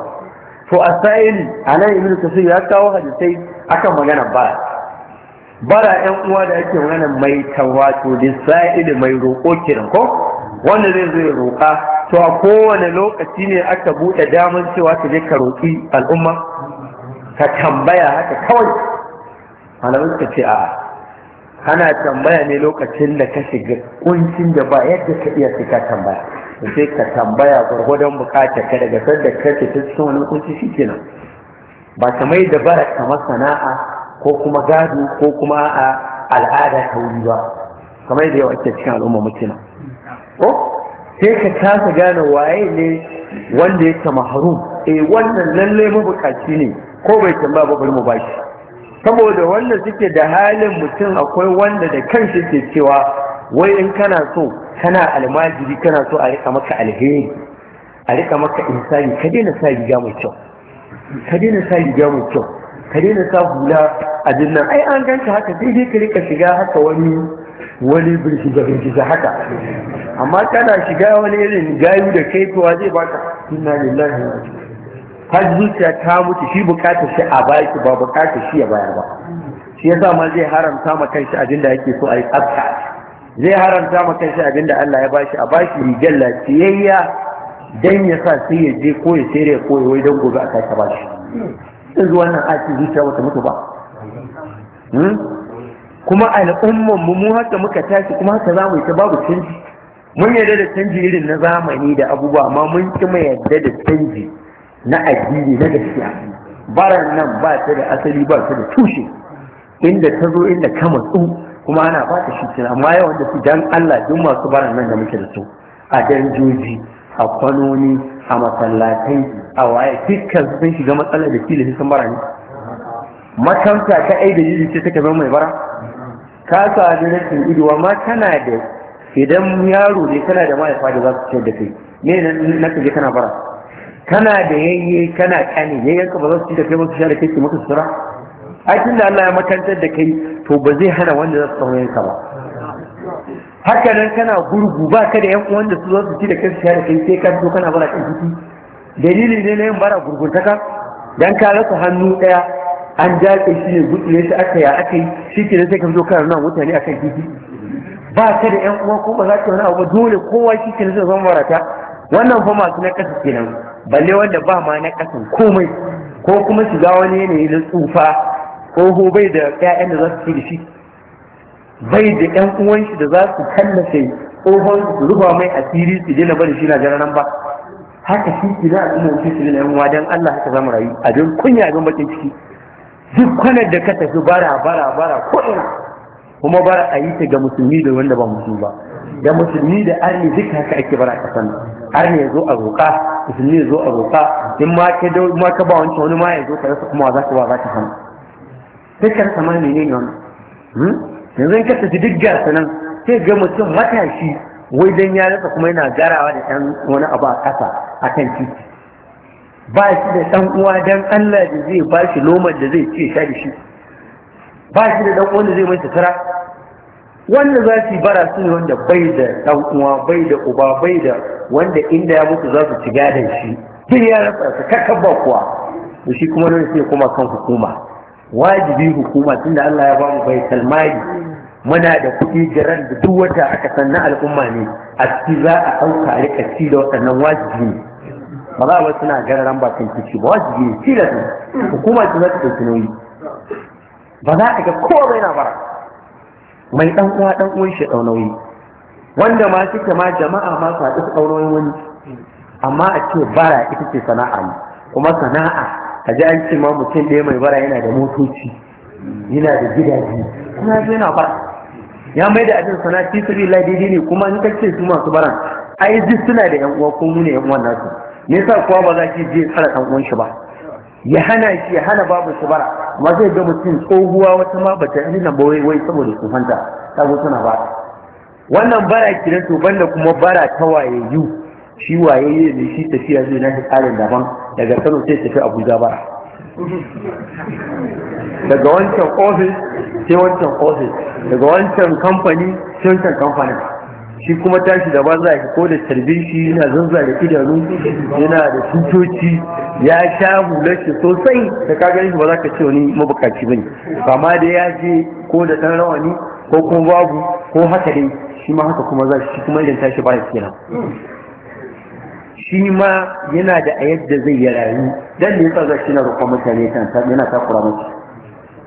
A: فالسائل أنا ابن كثير أكا واحد السيد أكا مغانا بارا bara yan uwa da ake magana mai tawato lissa'il mai roƙo kiran ko wanda zai zo ya roƙa to a kowane lokaci ne aka buɗe damar cewa ka je ka roƙi al'umma ka tambaya haka kawai malamai suka ce a kana tambaya ne lokacin da ka shiga kuncin da ba yadda ka iya sai ka tambaya sai ka tambaya gwargwadon bukatar ka daga sanda da ce ta cikin wani kunci shi ke nan. ba ka mai da bara kamar sana'a ko kuma gado ko kuma a al'ada ta wuri ba kamar da yawa ake cikin al'umma mutuna ko sai ka kasa gane waye ne wanda ya kama haru eh wannan lalle mabukaci ne ko bai tambaya ba bari mu bashi saboda wanda suke da halin mutum akwai wanda da kanshi ke cewa wai in kana so kana almajiri kana so a rika maka alheri a rika maka insani ka daina sa riga mai kyau ka daina sa riga mai kyau ka daina sa hula a jinnan ai an ganka haka sai dai ka rika shiga haka wani wani birki da haka amma kana shiga wani irin gayu da kai kowa zai baka inna lillahi wa har zuciya ta mutu shi bukatar shi a baki ba bukatar shi ya baya ba shi yasa ma zai haramta ma kanshi abin da yake so a yi tsafta zai haramta ma shi abinda Allah ya bashi a bashi rigar lafiyayya dan ya sa sai ya je ko ya ya koyi wai dan gobe aka ta bashi nan a aci zuciya wata mutu ba hmm? kuma al'umman mu mu haka muka tashi kuma haka zamu yi ta babu canji mun yarda da canji irin na zamani da abubuwa amma mun ki mai yarda da canji na addini na gaskiya baran nan ba ta da asali ba ta da tushe inda ta zo inda kama tsu kuma ana ba ta shi amma yawan da su Allah duk masu bara nan da muke da su a danjoji a kwanoni a masallatai a waye dukkan sun shiga matsalar da kila sun bara ne makanta ta ai da yiri ce take mai bara ka sa da darasin ido ma kana da idan yaro ne kana da mahaifa da za su ciyar da kai ne na kaje kana bara kana da yayye kana kane yayyanka ba za su ci da kai ba su sha da kai su maka sutura hakin da Allah ya makantar da kai to ba zai hana wanda za su ka ba haka nan kana gurgu ba ka da yan uwan da su zo su ci da kai su da kai sai ka zo kana bara kan ciki dalili ne na yin bara gurguntaka dan ka rasa hannu daya an jaƙe shi ne gutsure shi aka ya aka yi shi ke sai ka zo kana nuna mutane akan jiki ba ka da yan uwa ko ba za ka wani abu dole kowa shi ke zai zama barata wannan fa masu na ƙasa kenan balle wanda ba ma na ƙasan komai ko kuma shiga wani yanayi na tsufa tsoho bai da ƴaƴan da za su ci da shi bai da ƴan uwan shi da za su kallace tsohon zuba mai asiri su na bari shi na jararan ba haka shi ki za a kuma shi su daina yan dan Allah haka mu rayu a don kunya abin bakin ciki duk kwanar da ka tafi bara bara bara ko ina kuma bara a yi ta ga musulmi da wanda ba musulmi ba da musulmi da arni duka haka ake bara a kasan arni ya zo a roƙa musulmi ya zo a roƙa in ma ka ba wancan wani ma ya zo ka rasa kuma za ka ba za ka hannu sai ka rasa ma ne wannan hmm? yanzu in ka tafi duk gasa nan sai ga mutum matashi wai dan ya rasa kuma yana garawa da ɗan wani abu a ƙasa a kan titi ba shi da ɗan uwa dan Allah da zai ba shi lomar da zai ce sha da shi ba shi da ɗan uwan da zai mai sutura wanda za su yi bara su ne wanda bai da ɗan uwa bai da uba bai da wanda inda ya mutu za su ci gadon shi duk ya rasa su kakkan ba kuwa shi kuma nan sai kuma kan hukuma wajibi hukuma tun da Allah ya bamu bai kalmari muna da kuɗi garan da duk wata aka san na al'umma ne a ci za a ɗauka a rika ci da waɗannan wajibi ne ba za a wasu na gararan ba kan kici ba wajibi ne ci da su hukuma ce za ta ɗauki nauyi ba za a ga kowa bai na bara mai ɗan uwa ɗan uwan shi ɗau nauyi wanda ma suke ma jama'a ma su haɗu su ɗau nauyin wani amma a ce bara ita ce sana'a kuma sana'a a ji an ce ma mutum ɗaya mai bara yana da motoci yana da gidaje kuma ya yana bara ya mai da abin sana fi sabi daidai ne kuma in ce su masu baran ai ji suna da yan uwa ko mu ne yan uwan nasu me yasa kuwa ba za ki je tsara dan uwan shi ba ya hana shi ya hana babu shi bara amma zai ga mutum tsohuwa wata ma bata yi nan bawai wai saboda su fanta ta zo suna ba wannan bara kiran to banda kuma bara ta wayayyu shi wayayyu ne shi tafiya zai shi tsarin daban daga kano sai tafi abuja bara daga wancan ofis sai wancan ofis daga wancan kamfani sai wancan kamfani shi kuma tashi da ba za a ko da tarbin shi yana zanza da idanu yana da tutoci ya sha hular shi sosai da ka gani ba za ka ce wani mabukaci bane amma da ya je ko da ɗan rawani ko kuma babu ko haka dai shi ma haka kuma za shi kuma idan tashi ba ya kenan shi ma yana da a yadda zai yi rayu dan ne tsarza shi na roƙon mutane kan yana takura mace.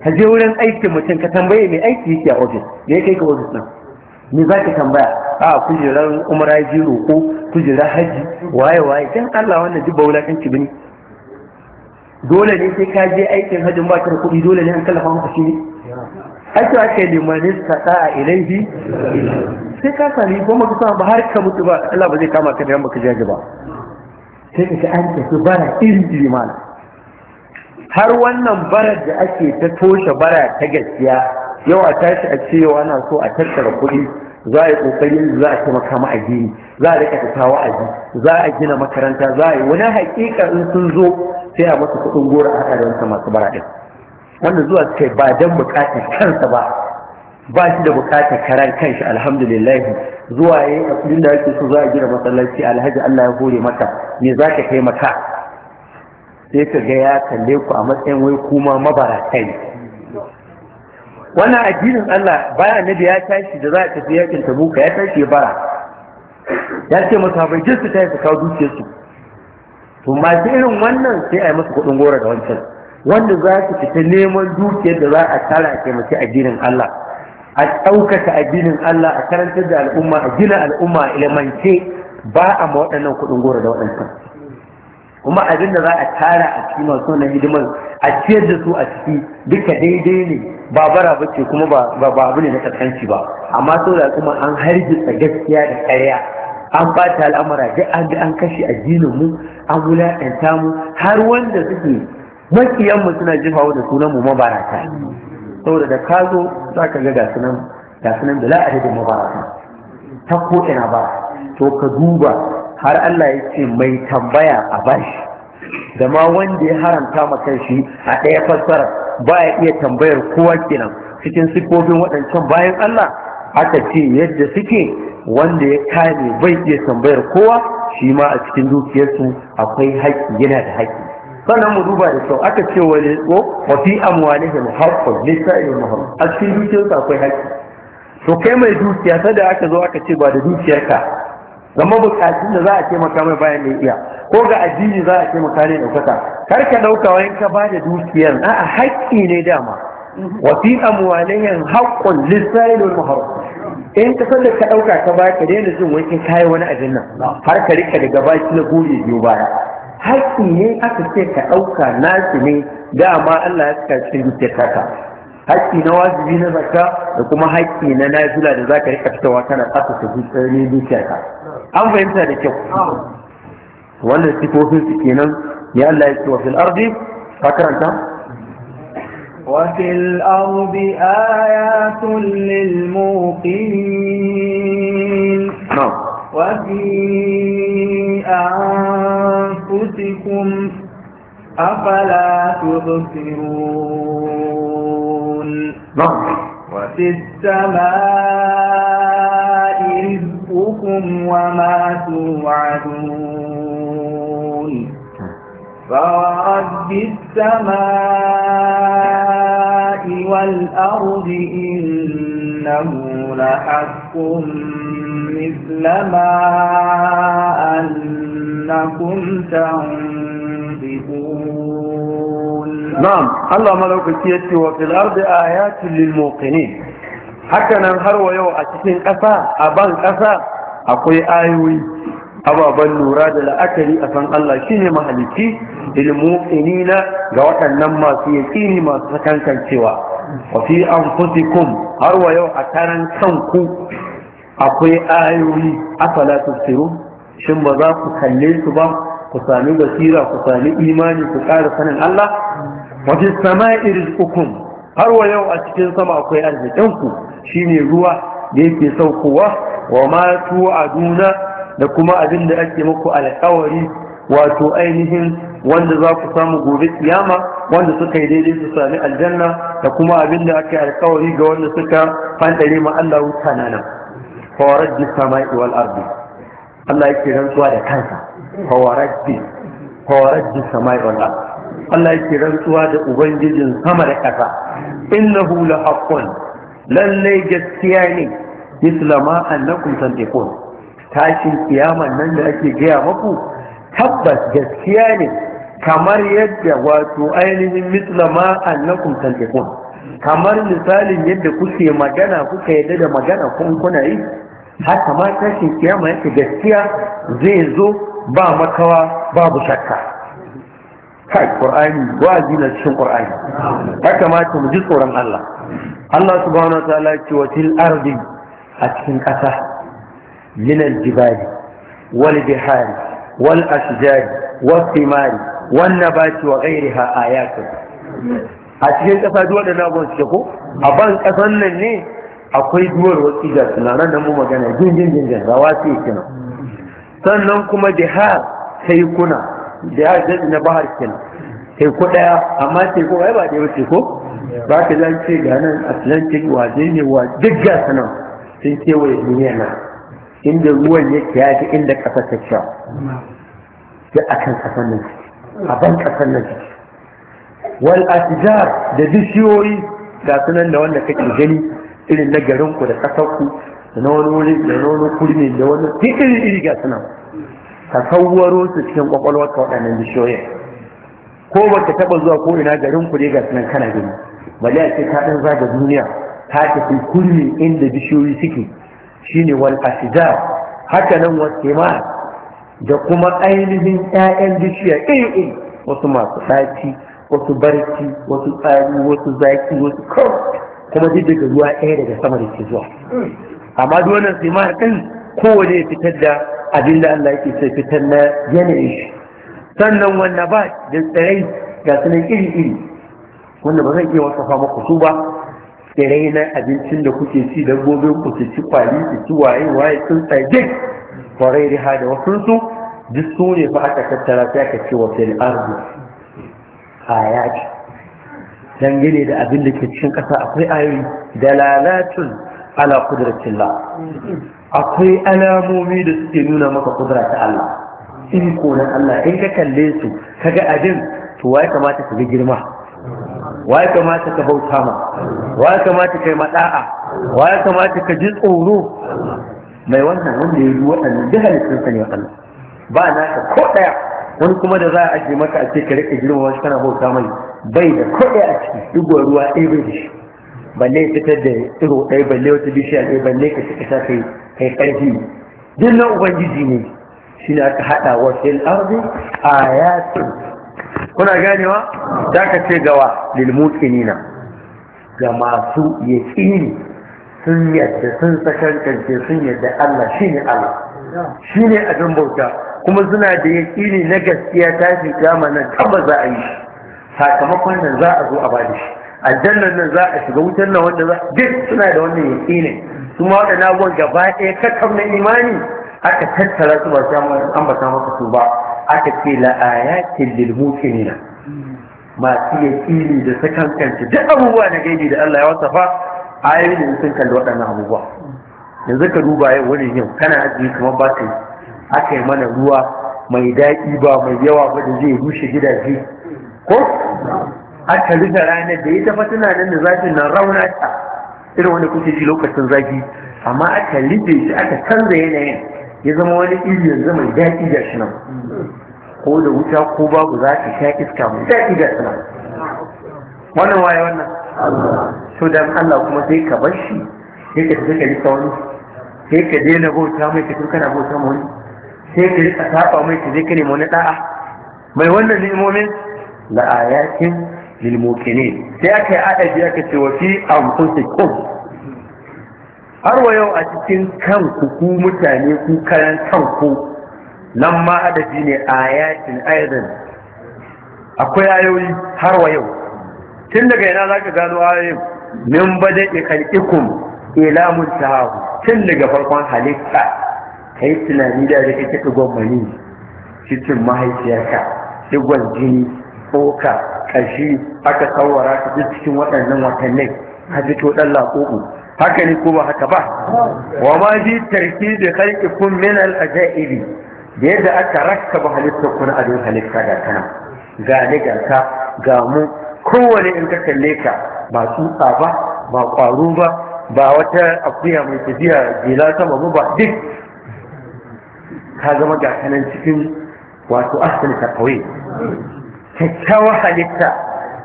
A: ka je wurin aikin mutum ka tambaye mai aiki yake a ofis me ya kai ka ofis nan me za ka tambaya a kujerar umara ji roƙo kujerar hajji waye waye dan Allah wannan duk ba wulakanci bane dole ne sai ka je aikin hajjin ba ka kuɗi dole ne an kallafa maka shi ne ake ne limanin sata a ilaihi sai ka sami ko maka sa ba har ka mutu ba Allah ba zai kama ka da yamma ka jaji ba sai ka an tafi bara iri har wannan barar da ake ta toshe bara ta gaskiya yau a tashi a cewa ana so a tattara kuɗi za a yi kokari za a taimaka ma addini za a rika fita wa'azi za a gina makaranta za a yi wani haƙiƙa in sun zo sai a masa kuɗin gora a haɗa masu bara ɗin wanda zuwa suka ba dan buƙatar kansa ba ba shi da bukatar karan kanshi alhamdulillah zuwa yayi abin da yake so za gina masallaci alhaji Allah ya hore maka me za ka kai maka sai ka ga ya kalle ku a matsayin wai kuma mabaratai wannan addinin Allah baya nabi ya tashi da za a tafi yakin tabuka ya tashi ya bara ya ce bai jinsu ta yi su kawo dukiyarsu to masu irin wannan sai a yi masa kuɗin gora da wancan wanda za su fita neman dukiyar da za a tara a taimaki addinin Allah a ɗaukaka addinin Allah a karantar da al'umma a gina al'umma ilimance ba a ma waɗannan kuɗin goro da waɗansu. kuma abin da za a tara a cikin masu wannan hidimar a ciyar da su a ciki duka daidai ne ba bara ba ce kuma ba abu ne na tsakanci ba amma sau da kuma an hargitsa gaskiya da karya an ɓata al'amura duk an bi an kashe addinin mu an wulaƙanta mu har wanda suke makiyanmu mu suna jifawa da sunan mu mabarata saboda da ka zo za ka ga gasunan gasunan da la'adadin mubaraka ta ko ina ba to ka duba har Allah ya ce mai tambaya a bashi da ma wanda ya haramta ma shi a ɗaya fassara ba ya iya tambayar kowa kenan cikin sifofin waɗancan bayan Allah aka ce yadda suke wanda ya kame bai iya tambayar kowa shi ma a cikin dukiyarsu akwai haƙƙi yana da haƙƙi sannan mu duba da kyau aka ce wa ne ko wa fi amwalihim haqqun lisa'il muhammad a cikin sa akwai haƙƙi to kai mai dukiya da aka zo aka ce ba da dukiyarka zama bukatun da za a maka mai bayan mai iya ko ga addini za a maka ne ɗaukaka kar ka ɗauka wani ka ba da dukiyar a'a haƙƙi ne dama wa fi amwalihin haqqun lisailul muharram in ka san da ka ɗauka ka baya ka daina jin wani kai wani abin nan har ka rika daga baki na gobe biyu baya haƙƙi ne aka ce ka ɗauka nashi ne dama Allah ya suka ce kaka haƙƙi na wajibi na zakka da kuma haƙƙi na nafila da zaka rika fitowa kana tsaka ta ne dukiyarka an fahimta da kyau wannan sifofin su kenan ya Allah ya ce wa fil
B: ardi ka karanta وفي الأرض آيات للموقنين نعم وفي أنفسكم أفلا تبصرون نعم. وفي السماء رزقكم وما توعدون فرب السماء والأرض إنه لحق مثل ما أنكم تنبئون نعم
A: الله ملوك سيتي وفي الأرض آيات للموقنين حكنا nan har wa yau a cikin ƙasa a ababen lura da la'akari a san Allah shine mahalicci ilmu'inina ga waɗannan masu yaƙini masu sakankancewa wa fi anfusikum har wa yau a karan kanku akwai ayoyi afala tusiru shin ba za ku kalle su ba ku sami basira ku sami imani ku ƙara sanin Allah wa fi sama'i hukum har wa yau a cikin sama akwai arzikinku shine ruwa da yake saukowa wa ma tu'aduna da kuma abin da ake muku alƙawari wato ainihin wanda za ku samu gobe tsiyama. wanda suka yi daidai su sami aljanna da kuma abin da ake alƙawari ga wanda suka fantare ma Allah wuta nan fawarar bi sama'i wal ardi Allah yake rantsuwa da kansa fawarar bi fawarar bi sama'i wal ardi Allah yake rantsuwa da ubangijin sama da ƙasa innahu la haqqun lallai gaskiya ne mislama annakum tantiqun tashin kiyaman nan da ake gaya maku tabbas gaskiya ne kamar yadda wato ainihin mislama annakum talqun kamar misalin yadda kuke magana kuka yadda da magana kun kuna yi haka ma tashin kiyama yake gaskiya zai zo ba makawa babu shakka kai qur'ani wazi na cikin qur'ani haka ma mu ji tsoron Allah Allah subhanahu wa ta'ala ce wa til ardi a cikin ƙasa jibari, wal الجبال والبحار والأشجار والثمار والنبات وغيرها آيات a cikin ƙasa duwar da nagon suke ko a ban ƙasan nan ne akwai duwar wasu ga tunanan nan mu magana jin jin jin jin rawa ce kina sannan kuma jihar sai kuna jihar jaddi na bahar kina sai ku ɗaya amma sai ko ba ɗaya ce ko ba ka zan ce ga nan Atlantik waje ne wa duk ga sanan sun kewaye duniya nan inda ruwan yake ya fi inda ƙasar ta cewa duk a kan ƙasar nan a ban ƙasar nan wal asijar da bishiyoyi ga sunan da wanda kake gani irin na garinku da ƙasarku da na wani wuri da na wani kurmi da wani tikiri iri ga sunan ka sauwaro su cikin kwakwalwarka waɗannan bishiyoyin ko ba ka taɓa zuwa ko ina garinku dai ga sunan kana gani bali a ce ka ɗan zaga duniya ta tafi kurmi inda bishiyoyi suke shine wal asijar haka nan wasima da kuma ainihin 'ya'yan bishiya iri wasu masu ɗaci wasu barci wasu tsari wasu zaki wasu kawai kuma duk daga ruwa ɗaya daga sama da ke zuwa amma duk wannan sima ɗin kowane ya fitar da abin da Allah yake sai fitar na yanayin shi sannan wannan ba da tsirai ga su iri iri wanda ba zan iya wasafa maku su ba tsirai na abincin da kuke ci dabbobin ku su ci kwali su ci waye waye sun tsage kwarai riha da wasu su duk su ne fa aka tattara sai aka ce wa fil ardu ayati dangane da abin da ke cikin ƙasa akwai ayoyi dalalatun ala qudratillah akwai alamomi da suke nuna maka kudura ta Allah in konan Allah in ka kalle su kaga abin to ya kamata ka ga girma wa ya kamata ka bauta ma wa ya kamata ka yi maɗa'a wa ya kamata ka ji tsoro mai wannan wanda ya yi waɗannan duk halittun sani waɗannan ba na ka ko ɗaya wani kuma da za a ajiye maka a ce ka rika girma shi kana bauta mai bai da ko ɗaya a ciki ɗigo ruwa ɗaya bai da shi balle fitar da tsiro ɗaya balle wata bishiya ɗaya balle ka ci ƙasa kai kai ƙarfi duk na ubangiji ne shi ne aka haɗa wa fil ardi ayatun kuna ganewa za ka ce gawa lilmukinina ga masu yaƙini sun yadda sun sakankance sun yadda Allah shi ne Allah shi ne abin bauta kuma suna da yaƙini na gaskiya ta shi kama nan kaba za a yi shi sakamakon nan za a zo a bada shi aljannan nan za a shiga wutar nan wanda za duk suna da wannan yaƙini su ma waɗanda abubuwan gaba ɗaya kakam na imani aka tattara su ba an ba maka su ba aka ce la'ayatin lil mu'minina masu yaƙini da sakankanci duk abubuwa na gaibi da Allah ya wasafa ayoyi da sun kalli waɗannan abubuwa yanzu ka duba yau wani yau kana ajiye kamar ba ka aka yi mana ruwa mai daɗi ba mai yawa ba da zai rushe gidaje ko aka rufe ranar da ya tana nan da zafin nan rauna ta irin wanda kuke ji lokacin zafi amma aka rufe shi aka canza yanayin ya zama wani iri yanzu mai daɗi ga shi nan ko da wuta ko babu za ka sha iska mai daɗi ga shi nan wannan waye wannan so dan Allah kuma sai ka bar shi sai ka tafi ka rika wani sai ka daina bauta mai ka kana bauta mu wani sai ka rika tsafa mai ka je ka nemi wani da'a mai wannan ni'imomin la ayatin lil muqinin sai aka yi adabi aka ce wa fi amfusikum har wa yau a cikin kan ku mutane ku karan kanku nan ma adadi ne ayatin aidan akwai ayoyi har wa yau tun daga yana za ka gano ayoyin min bada ikal'ikum ila muntahu tun daga farkon halitta ka yi tunani da da kake ɗigon cikin mahaifiyarka igon jini tsoka ƙashi aka tsawara ka duk cikin waɗannan watannin ka fito ɗan laƙoƙo haka ne ko ba haka ba wa ma ji tarki da halki kun min al'ajaibi da yadda aka rakka ba halitta kun abin halitta ga kana ga ni ga ka ga mu kowane in ka kalle ka ba tsutsa ba ba ƙwaro ba ba wata akuya mai tafiya jela sama ba ba duk ka zama ga kanan cikin wato asali ta kawai kyakkyawar halitta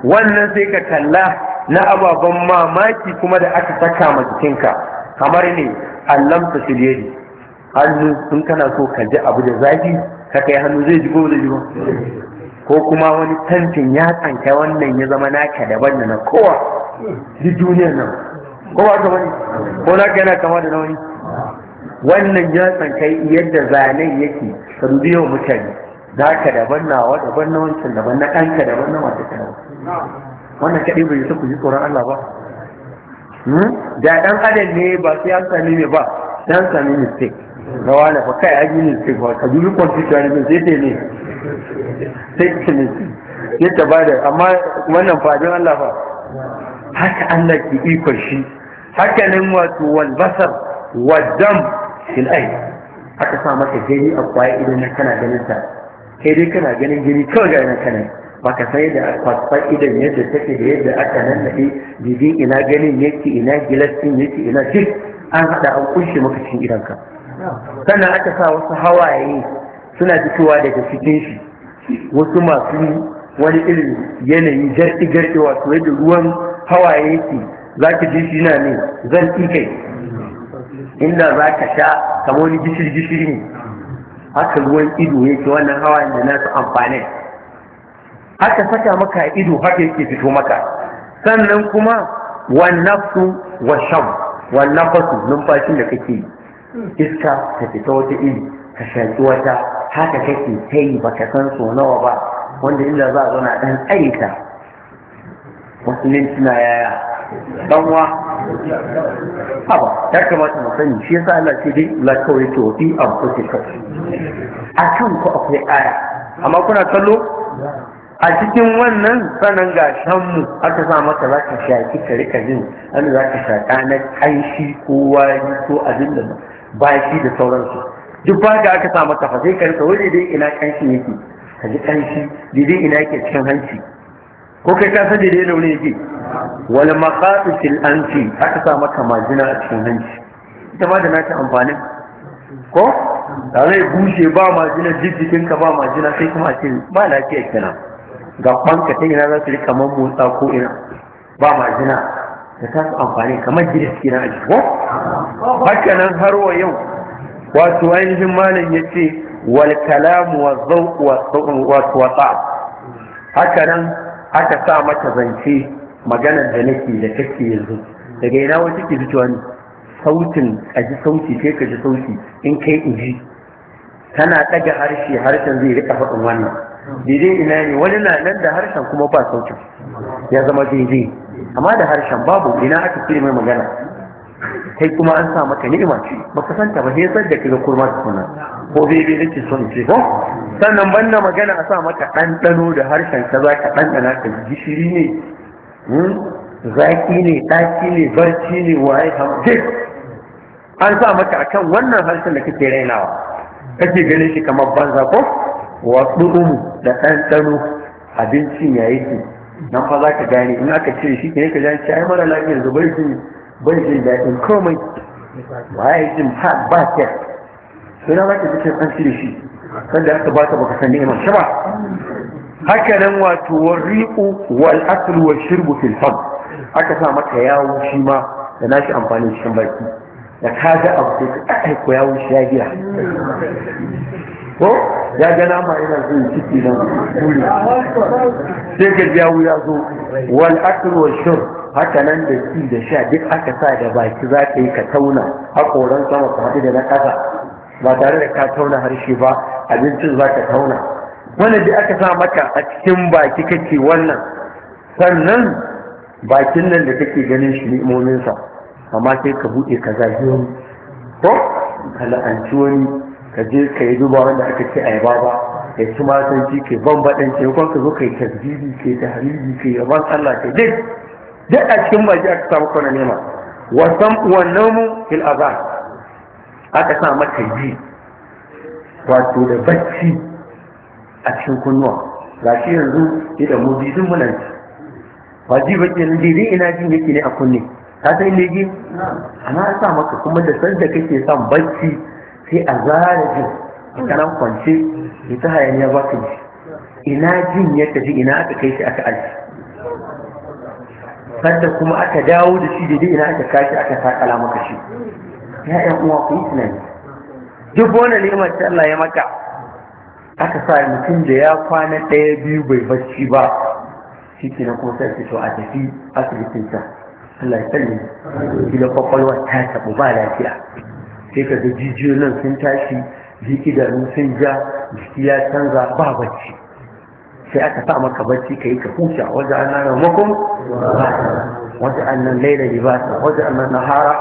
A: wannan sai ka kalla na ababen mamaki kuma da aka saka ma jikinka kamar ne ta shirye hannu in kana so ka ji abu da zafi ka kai hannu zai ji ko zai ji ba ko kuma wani tantin ya tsanka wannan ya zama naka daban da na kowa duk duniyar nan ko ba ka wani ko ka yana kama da na wani wannan ya tsanka yadda zanen yake ka dubi yawan mutane za ka daban wa daban na wancan daban na ɗanka daban na wata
C: daban
A: wannan kaɗai bai yi ku yi tsoron Allah ba hmm? da ɗan adam ne ba sai an sami ne ba dan sami mistake na wani fa kai an yi mistake ba ka dubi kwamfuta ne sai ta ne sai ta ne sai ta bada amma wannan fadin Allah fa haka Allah ke ikon shi haka nan wato wal basar filai. Haka fil ayn aka sa maka gani a kwaye idan kana ganin ta kai dai kana ganin gani kawai ga kana baka sai da fasfar idan yadda take da yadda aka nannaɗe bibi ina ganin yake ina gilastin yake ina duk an haɗa an kunshi maka cikin ka. sannan aka sa wasu hawaye suna fitowa daga cikin shi wasu masu wani irin yanayi jarɗi jarɗi wato yadda ruwan hawaye yake za ka ji shi na ne zan ɗikai inda za ka sha kamar wani gishiri gishiri ne haka ruwan ido yake wannan hawa da nasu amfani. Haka saka maka ido haka yake fito maka sannan kuma wannafsu wa sham wannafsu numfashin da kake yi iska ta fita wata iri ka shaki wata haka kake ta yi baka san so nawa ba wanda inda za a zauna ɗan tsarita wasu mintuna yaya ɗanwa haba ya kamata mu sani shi yasa Allah ce dai la kawai to fi A kan ku akwai aya amma kuna kallo a cikin wannan sanan ga shanmu aka sa maka za ka shaki ka rika jin wanda za ka shaka na kanshi ko wari ko abin da baki da sauransu duk ba ka aka sa maka fa sai ka rika wani dai ina kanshi yake ka ji kanshi daidai ina yake cikin hanci ko kai ka san daidai launi yake wal maqatu fil anfi aka sa maka majina a cikin hanci ita ma da nata amfanin ko da zai bushe ba majina jikinka ka ba majina sai kuma a ce ba lafiya kenan ga kwanka ta ina za su rika man motsa ko ina ba majina da ta su amfani kamar gidan suke na aji ko haka nan har wa yau wato ainihin malam ya ce wal kalamu wa zauq wa ta'ab haka nan aka sa mata zance maganar da nake da kake yanzu daga ina wata ke fitowa ne sautin a ji sauti ke ka ji sauti in kai in ji tana ɗaga harshe harshen zai rika faɗin wannan daidai ina ne wani na nan da harshen kuma ba saukin. ya zama daidai amma da harshen babu ina aka fi mai magana kai kuma an sa maka ni'ima ce baka santa ba sai oh. da kaga kurma da suna ko bebe nake son ce ko sannan banna magana a sa maka ɗanɗano da harshen ka za ka ɗanɗana ka gishiri ne hmm? zaki ne ɗaki ne barci ne waye hamdin an sa maka akan wannan harshen da kake rainawa kake ganin shi kamar banza ko wa ɗuɗumu da ɗanɗano abincin ya su nan fa za ka gane in aka cire shi ne ka gane ai mara lafiyar da bai jin bai jin daɗin komai yi jin ha ba ke suna za ka ji an cire shi sanda aka ba ka baka san neman shi ba haka nan wato warri'u wal aslu wal shirbu fil fam aka sa maka yawo shi ma da nashi amfani kan baki da ka ga abu sai ka ko yawo shi ya gira ko ya ga nama ina zuwa ciki nan sai ga jawo ya zo wal akl wa shur haka nan da ci da sha duk aka sa da baki za ka yi ka tauna hakoran sama ka haɗu da na ƙasa ba tare da ka tauna harshe ba abincin za ka tauna wannan da aka sa maka a cikin baki kake wannan sannan bakin nan da kake ganin shi ne ni'imominsa amma sai ka buɗe ka zagi wani ko ka la'anci wani ka je ka yi duba wanda aka ce ayaba ba ka ci matanci ka ban baɗin ce kwan ka zo ka yi tasbibi ka yi tahriji ka yi rabon Allah ka duk duk a cikin baki aka samu kwanan nema wasan wannan mu fil azan aka sa maka yi wato da bacci a cikin kunnuwa ga shi yanzu idan mu bi sun muna ci ba ji ba kenan daidai ina jin yake ne a kunne ka san inda yake amma an sa maka kuma da sanda kake son bacci sai a zara jin a hmm. karan kwance da ta hayaniya ba ka ina jin ya tafi ina aka kai shi aka aji sadda kuma aka dawo da shi daidai ina aka kashi aka sakala maka shi ya yan uwa ku yi tunani duk wani neman ta Allah ya maka aka sa mutum da ya kwana ɗaya biyu bai bacci ba shi ke na kuma sai to a tafi asibitin ta. Allah ya sani gidan kwakwalwa ta taɓa ba lafiya sai ka ga nan sun tashi jiki da sun ja jiki ya canza ba bacci sai aka sa maka bacci ka yi ka huta wajen ana nan makon wajen annan laila libasa wajen annan nahara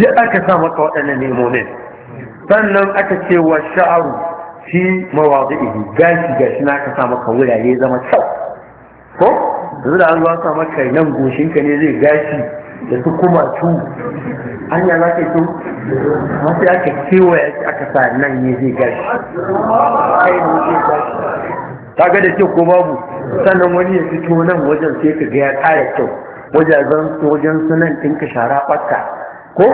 A: ya aka sa maka waɗannan nemonin. sannan aka ce wa sha'aru fi mawazi'ihi gashi gashi na aka sa maka wurare zama kyau ko yanzu an zuwa sa maka nan goshinka ne zai gashi da su kuma su hanya za ka su masu aka ya shi aka sa nan ne zai gashi ta ga da kyau ko babu sannan wani ya fito nan wajen sai ka ga ya ƙara kyau wajen wajen sunan ka shara ɓatka ko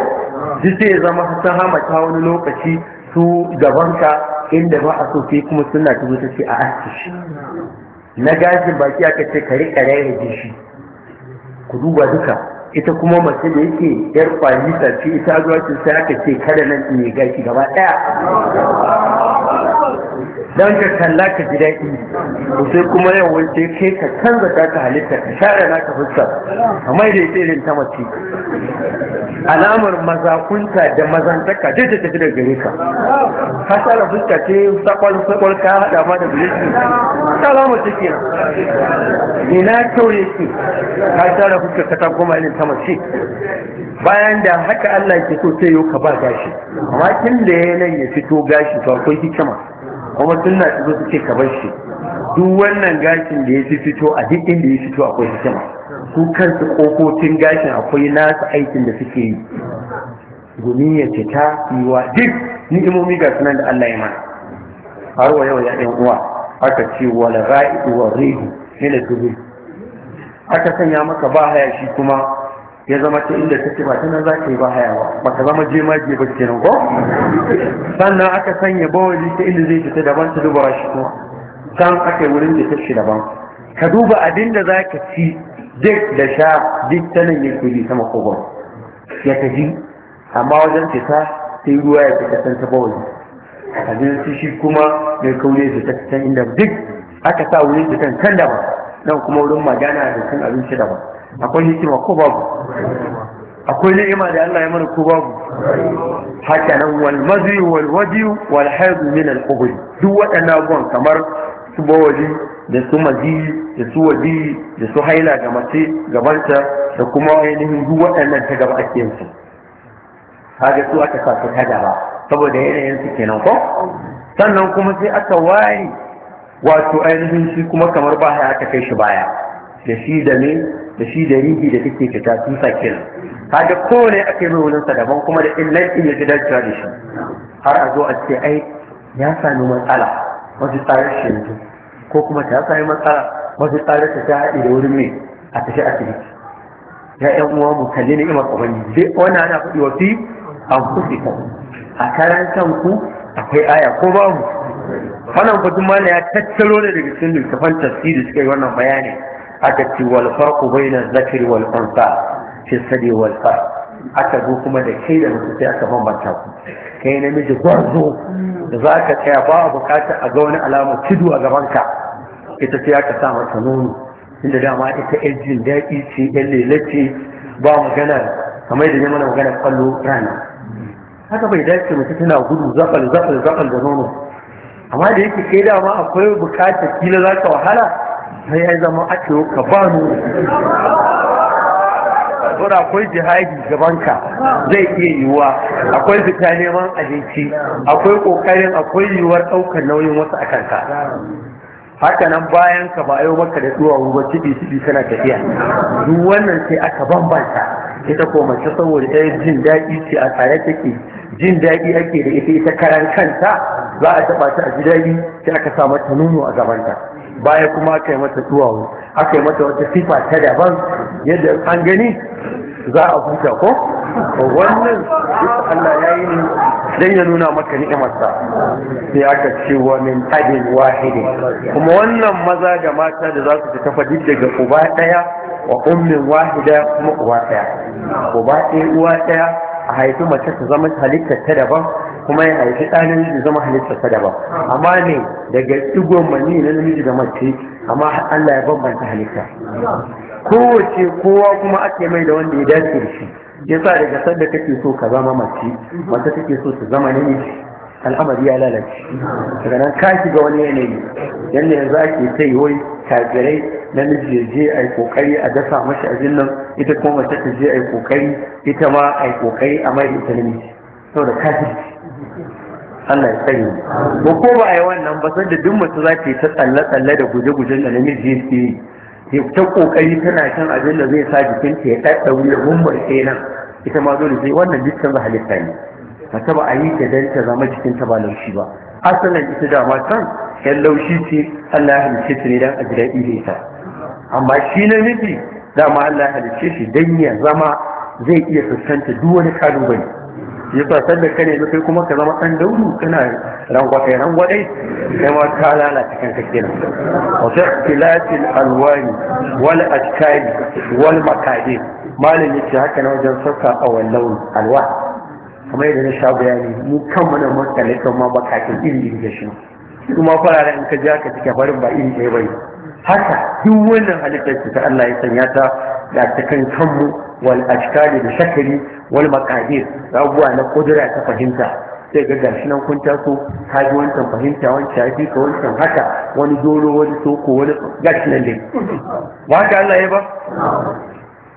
A: duk sai zama sun hamata wani lokaci su gaban ka inda ba a so sai kuma suna ta ta ce a aski shi na gashin baki aka ce kare kare ya ji shi ku duba duka ita kuma mace da yake yar kwalita ce ita zuwa ce sai aka ce kada nan in yi gaki gaba ɗaya don ka kalla ka ji daɗi sai kuma yau wance kai ka canza ta ka halitta ka share na ka fuska mai da ita irin ta mace alamar mazakunta da mazantaka duk da ta ji daga gare ka ka share fuska ce sakwal sakwal ka haɗa ma da bulisi ta lama ta ke ina kyau ce ka share fuska ka ta koma irin ta mace bayan da haka Allah ke so sai yau ka ba gashi amma kin da yanayin ya fito gashi to akwai hikima kuma tun na suke ka bar shi duk wannan gashin da ya fi fito a duk inda ya fito akwai hikima su kansu kofofin gashin akwai nasu aikin da suke yi gumi ya yi wa duk ni'imomi ga sunan da Allah ya mana har wa yau ya ɗan uwa aka ce wal ra'idu wa rihu min al aka sanya maka ba haya shi kuma ya zama ta inda take ba tunan za ka yi ba hayawa ba ka zama jemaje ba kenan ko sannan aka sanya bawali ta inda zai fita daban ta duba shi kuma can aka yi wurin da ta shi daban ka duba abin da za ka ci duk da sha duk ta nan yake bi sama kogon ya tafi amma wajen fita yi ruwa ya fita can ta bawali abin su shi kuma mai kaune su ta can inda duk aka sa wurin fitan can daban nan kuma wurin magana da cin abinci daban akwai hikima ko babu akwai ni'ima da Allah ya mana ko babu haka nan wal mazi wal wadi wal haidu min al qubur duk waɗannan abubuwan kamar su bawaji da su mazi da su waji da su haila ga mace gabanta da kuma ainihin duk waɗannan ta gaba ake yin su kaga su aka sa su ta gaba saboda yanayin su kenan ko sannan kuma sai aka waye wato ainihin shi kuma kamar baya aka kai shi baya da shi da ne da shi da rigi da take fita tusa kenan kaga kowane ake mai wurin sa daban kuma da in in ya gida cewa da shi har a zo a ce ai ya sami matsala wasu tsarin shi yanzu ko kuma ta sami matsala wasu tsarin ta haɗe da wurin mai a tafi asibiti ya ƴan uwa mu kalli na imar ubangiji dai wani ana faɗi wa fi an kusi a karan ku akwai aya ko babu wannan fatin mana ya tattaro da daga cikin littafan tafsiri suka yi wannan bayani aka ce wal bai na zakari wal fi sadi wal aka zo kuma da kai da mutu sai aka bambanta ku kai namiji gwarzo da za ka tsaya ba a bukata a ga wani alama tudu a gabanka ita sai aka sa mata nono inda dama ita yan jin daɗi ce yan lalace ba magana kamar da mana magana kwallo rana haka bai dace mutu tana gudu zafal zafal zafal da nono amma da yake kai dama akwai bukata kila za ka wahala sai ya zama ake ka banu saboda akwai jihadi gabanka zai iya yiwuwa akwai fita neman abinci akwai kokarin akwai yiwuwar ɗaukar nauyin wasu a kanka haka nan bayan ka ba ayo maka da tsuwa ba cibi cibi kana tafiya duk wannan sai aka bambanta ita ko mace saboda ɗaya jin daɗi ce a tare take jin daɗi ake da ita ita karan kanta za a taɓa ta a ji daɗi sai aka sa mata nuno a gabanta baya kuma aka yi mata duwawu aka yi mata wata sifa ta daban yadda an gani za a huta ko wannan Allah ya yi dan ya nuna maka ni'imarsa sai aka ce wa min abin wahidi kuma wannan maza da mata da za su tafa duk daga uba daya wa ummin wahida kuma uba daya uba daya uwa daya a haifi mace ta zama halitta ta daban kuma ya haifi ɗa namiji zama halitta ta daban amma ne daga ɗigon mani na namiji da mace amma Allah ya bambanta halitta kowace kowa kuma ake mai da wanda ya dace da shi yasa daga sanda kake so ka zama mace wanda take so ta zama namiji al'amari ya lalace daga nan ka shiga wani yanayi yanda yanzu ake kai wai kafirai namiji ya je a yi kokari a dasa mashi a nan ita kuma mace ta je a yi kokari ita ma a yi kokari a mai ita namiji saboda kafirci Allah ya sani ba ko ba a yi wannan ba da duk mace za ta tsalle-tsalle da guje guje da namiji yake yi ta kokari tana kan abin da zai sa jikinta ya ɗaɗɗauri da gumbar kenan ita ma dole sai wannan duk canza halitta ne mace ba a yi ta dan ta zama jikinta ba laushi ba asalin ita da kan yan laushi ce Allah ya halicce ta ne dan a ji daɗi da ita amma shi da ma Allah ya halicce shi dan ya zama zai iya fuskanta duk wani kalubale yasa sanda ka nemi kai kuma ka zama ɗan dauru kana rangwakai rangwadai kai ma ka lalata kanka kenan Wasu ta ikhtilafil alwani wal ashkali wal makadi malam yace haka na wajen sassa a wallau alwa kamar yadda na sha bayani mu kanmu na matsalakan ma bakakin iri iri da shi kuma fararen in ka ji haka cike farin ba iri ɗaya bane haka duk wannan halittar ta Allah ya sanya ta da ta kan kanmu wal ashkali da shakari wal maqadir abubuwa na kudura ta fahimta sai ga gashi nan kun taso ka ji wancan fahimta wancan ya fi ka wancan haka wani doro wani soko wani gashi nan dai ba ka Allah ya ba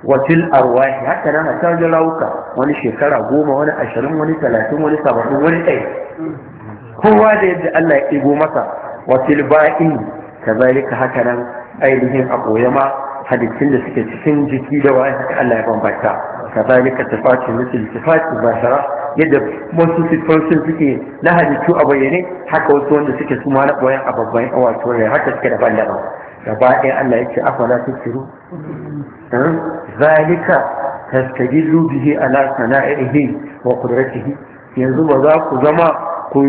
A: wasil arwahi haka nan a canjin rawuka wani shekara goma wani ashirin wani talatin wani saba'in wani ɗaya kowa da yadda Allah ya ɗigo masa wasil ba'in kazalika hakanan ainihin a koyama hadisin da suke cikin jiki da waye haka Allah ya bambanta kazalika tafatu misil tafatu bashara yadda wasu sifofin suke na hadisu a bayyane haka wasu wanda suke su ma na koyan a babban wato ne haka suke daban daban gaba ɗaya Allah ya ce afala tusiru hmm? zalika tastajillu bihi ala sana'ihi wa qudratihi yanzu ba za ku zama ku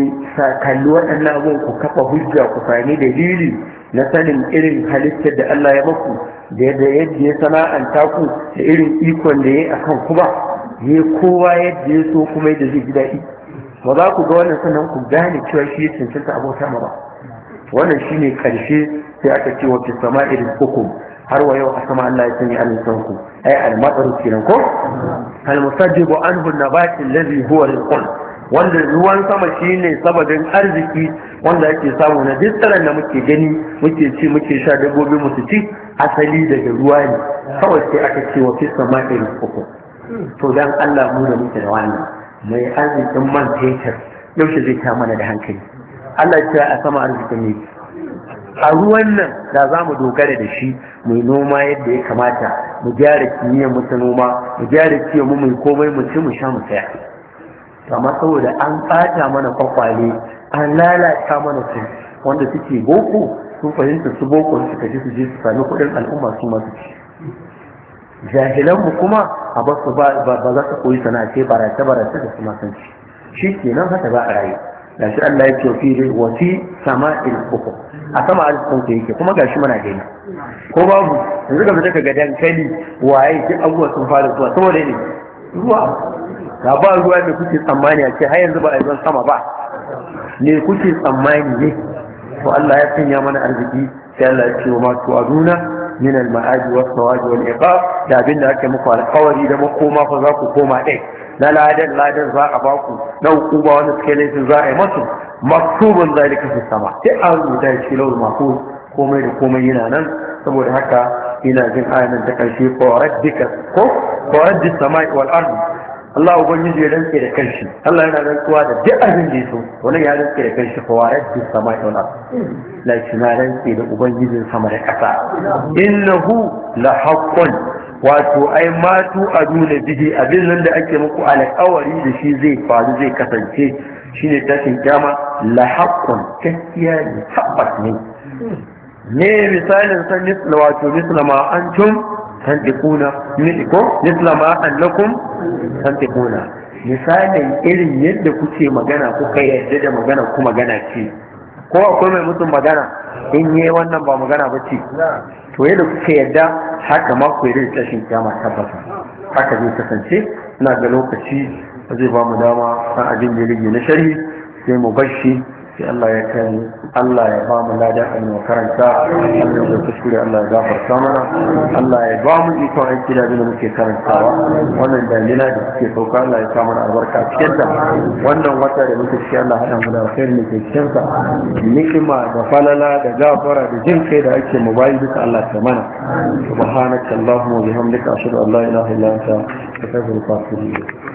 A: kalli waɗannan abubuwan ku kafa hujja ku sami dalili na sanin irin halittar da Allah ya maku da yadda yadda ya sana'anta ku da irin ikon da ya yi akan kuma ya kowa yadda ya so kuma yadda zai ji daɗi ba za ku ga wannan sannan ku gane cewa shi ya cancanta abota ma ba wannan ne karshe sai aka ce wa sama irin hukum har wa yau a sama Allah ya sanya alisan ku ai al kenan ko al anhu nabati alladhi huwa al wanda ruwan sama shine sababin arziki wanda ake samu na duk da muke gani muke ci muke sha dabbobi musu ci asali daga ruwa ne kawai sai aka ce wa fisa sama irin to dan Allah mu da muke da wani mai arzikin man fetur yaushe zai ta mana da hankali Allah ya ce a sama arzikin ne a ruwan nan da za mu dogara da shi mai noma yadda ya kamata mu gyara kimiyyar mu ta noma mu gyara kiyon mu mai komai mu ci mu sha mu saya amma saboda an ɓata mana kwakwale an lalata mana su wanda suke boko sun fahimta su boko su ji su je su sami kuɗin al'umma su masu ci jahilanmu kuma a ba su ba za su koyi sana'a ce barace barace da su masu ci shi ke nan haka za a rayu shi Allah ya ce fi wasi sama'il kuku a sama arzikin ku yake kuma gashi mana gani ko babu yanzu ka fita ga dankali waye duk abubuwa sun fara zuwa saboda ne zuwa ga ba ruwa mai kuke tsammani a ce har yanzu ba a ruwan sama ba ne kuke tsammani ne to Allah ya sanya mana arziki sai Allah ya ce wa masu aduna min al-ma'aji wa sawaji wal iqab da abin da ake muku alƙawari da makoma fa za ku koma ɗai na ladan ladan za a baku na hukuma wanda suke za a yi masu maktubun zalika fi sama sai an rubuta shi lawul mahfuz komai da komai yana nan saboda haka ina jin ayanan ta karshe fa rabbika ko fa rabbis samai wal ardi Allah ubangiji ya rantse da kanshi Allah yana rantsuwa da duk abin da yaso wani ya rantse da kanshi fa wa rabbi samai wal ard la na rantse da ubangijin sama da kasa innahu la haqqun wato ai matu aduna bihi abin nan da ake muku alƙawari da shi zai faru zai kasance shine tashin kyama la haqqun gaskiya ne tabbas ne ne misalin san misla wato misla ma tantiquna ko misla ma annakum tantiquna misalin irin yadda kuke magana kuka yadda da magana ku magana ce ko akwai mai mutum magana in yi wannan ba magana ba ce to yadda kuka yadda haka ma ku yi tashin kyama tabbata haka zai kasance na ga lokaci zai ba mu dama kan abin da na shari sai mu bar shi sai Allah ya kai Allah ya ba mu ladan a mu karanta Allah ya kuskure Allah ya gafarta mana Allah ya ba mu ikon aiki da da muke karantawa wannan dalila da suke sauka Allah ya samu albarka cikin ta wannan wata da muke ciki Allah hada mu da alkhair ne ke cikin ta nikima da falala da gafara da jin kai da ake mu bayi duka Allah ta mana subhanaka allahumma wa bihamdika ashhadu an la ilaha illa anta astaghfiruka wa atubu ilayk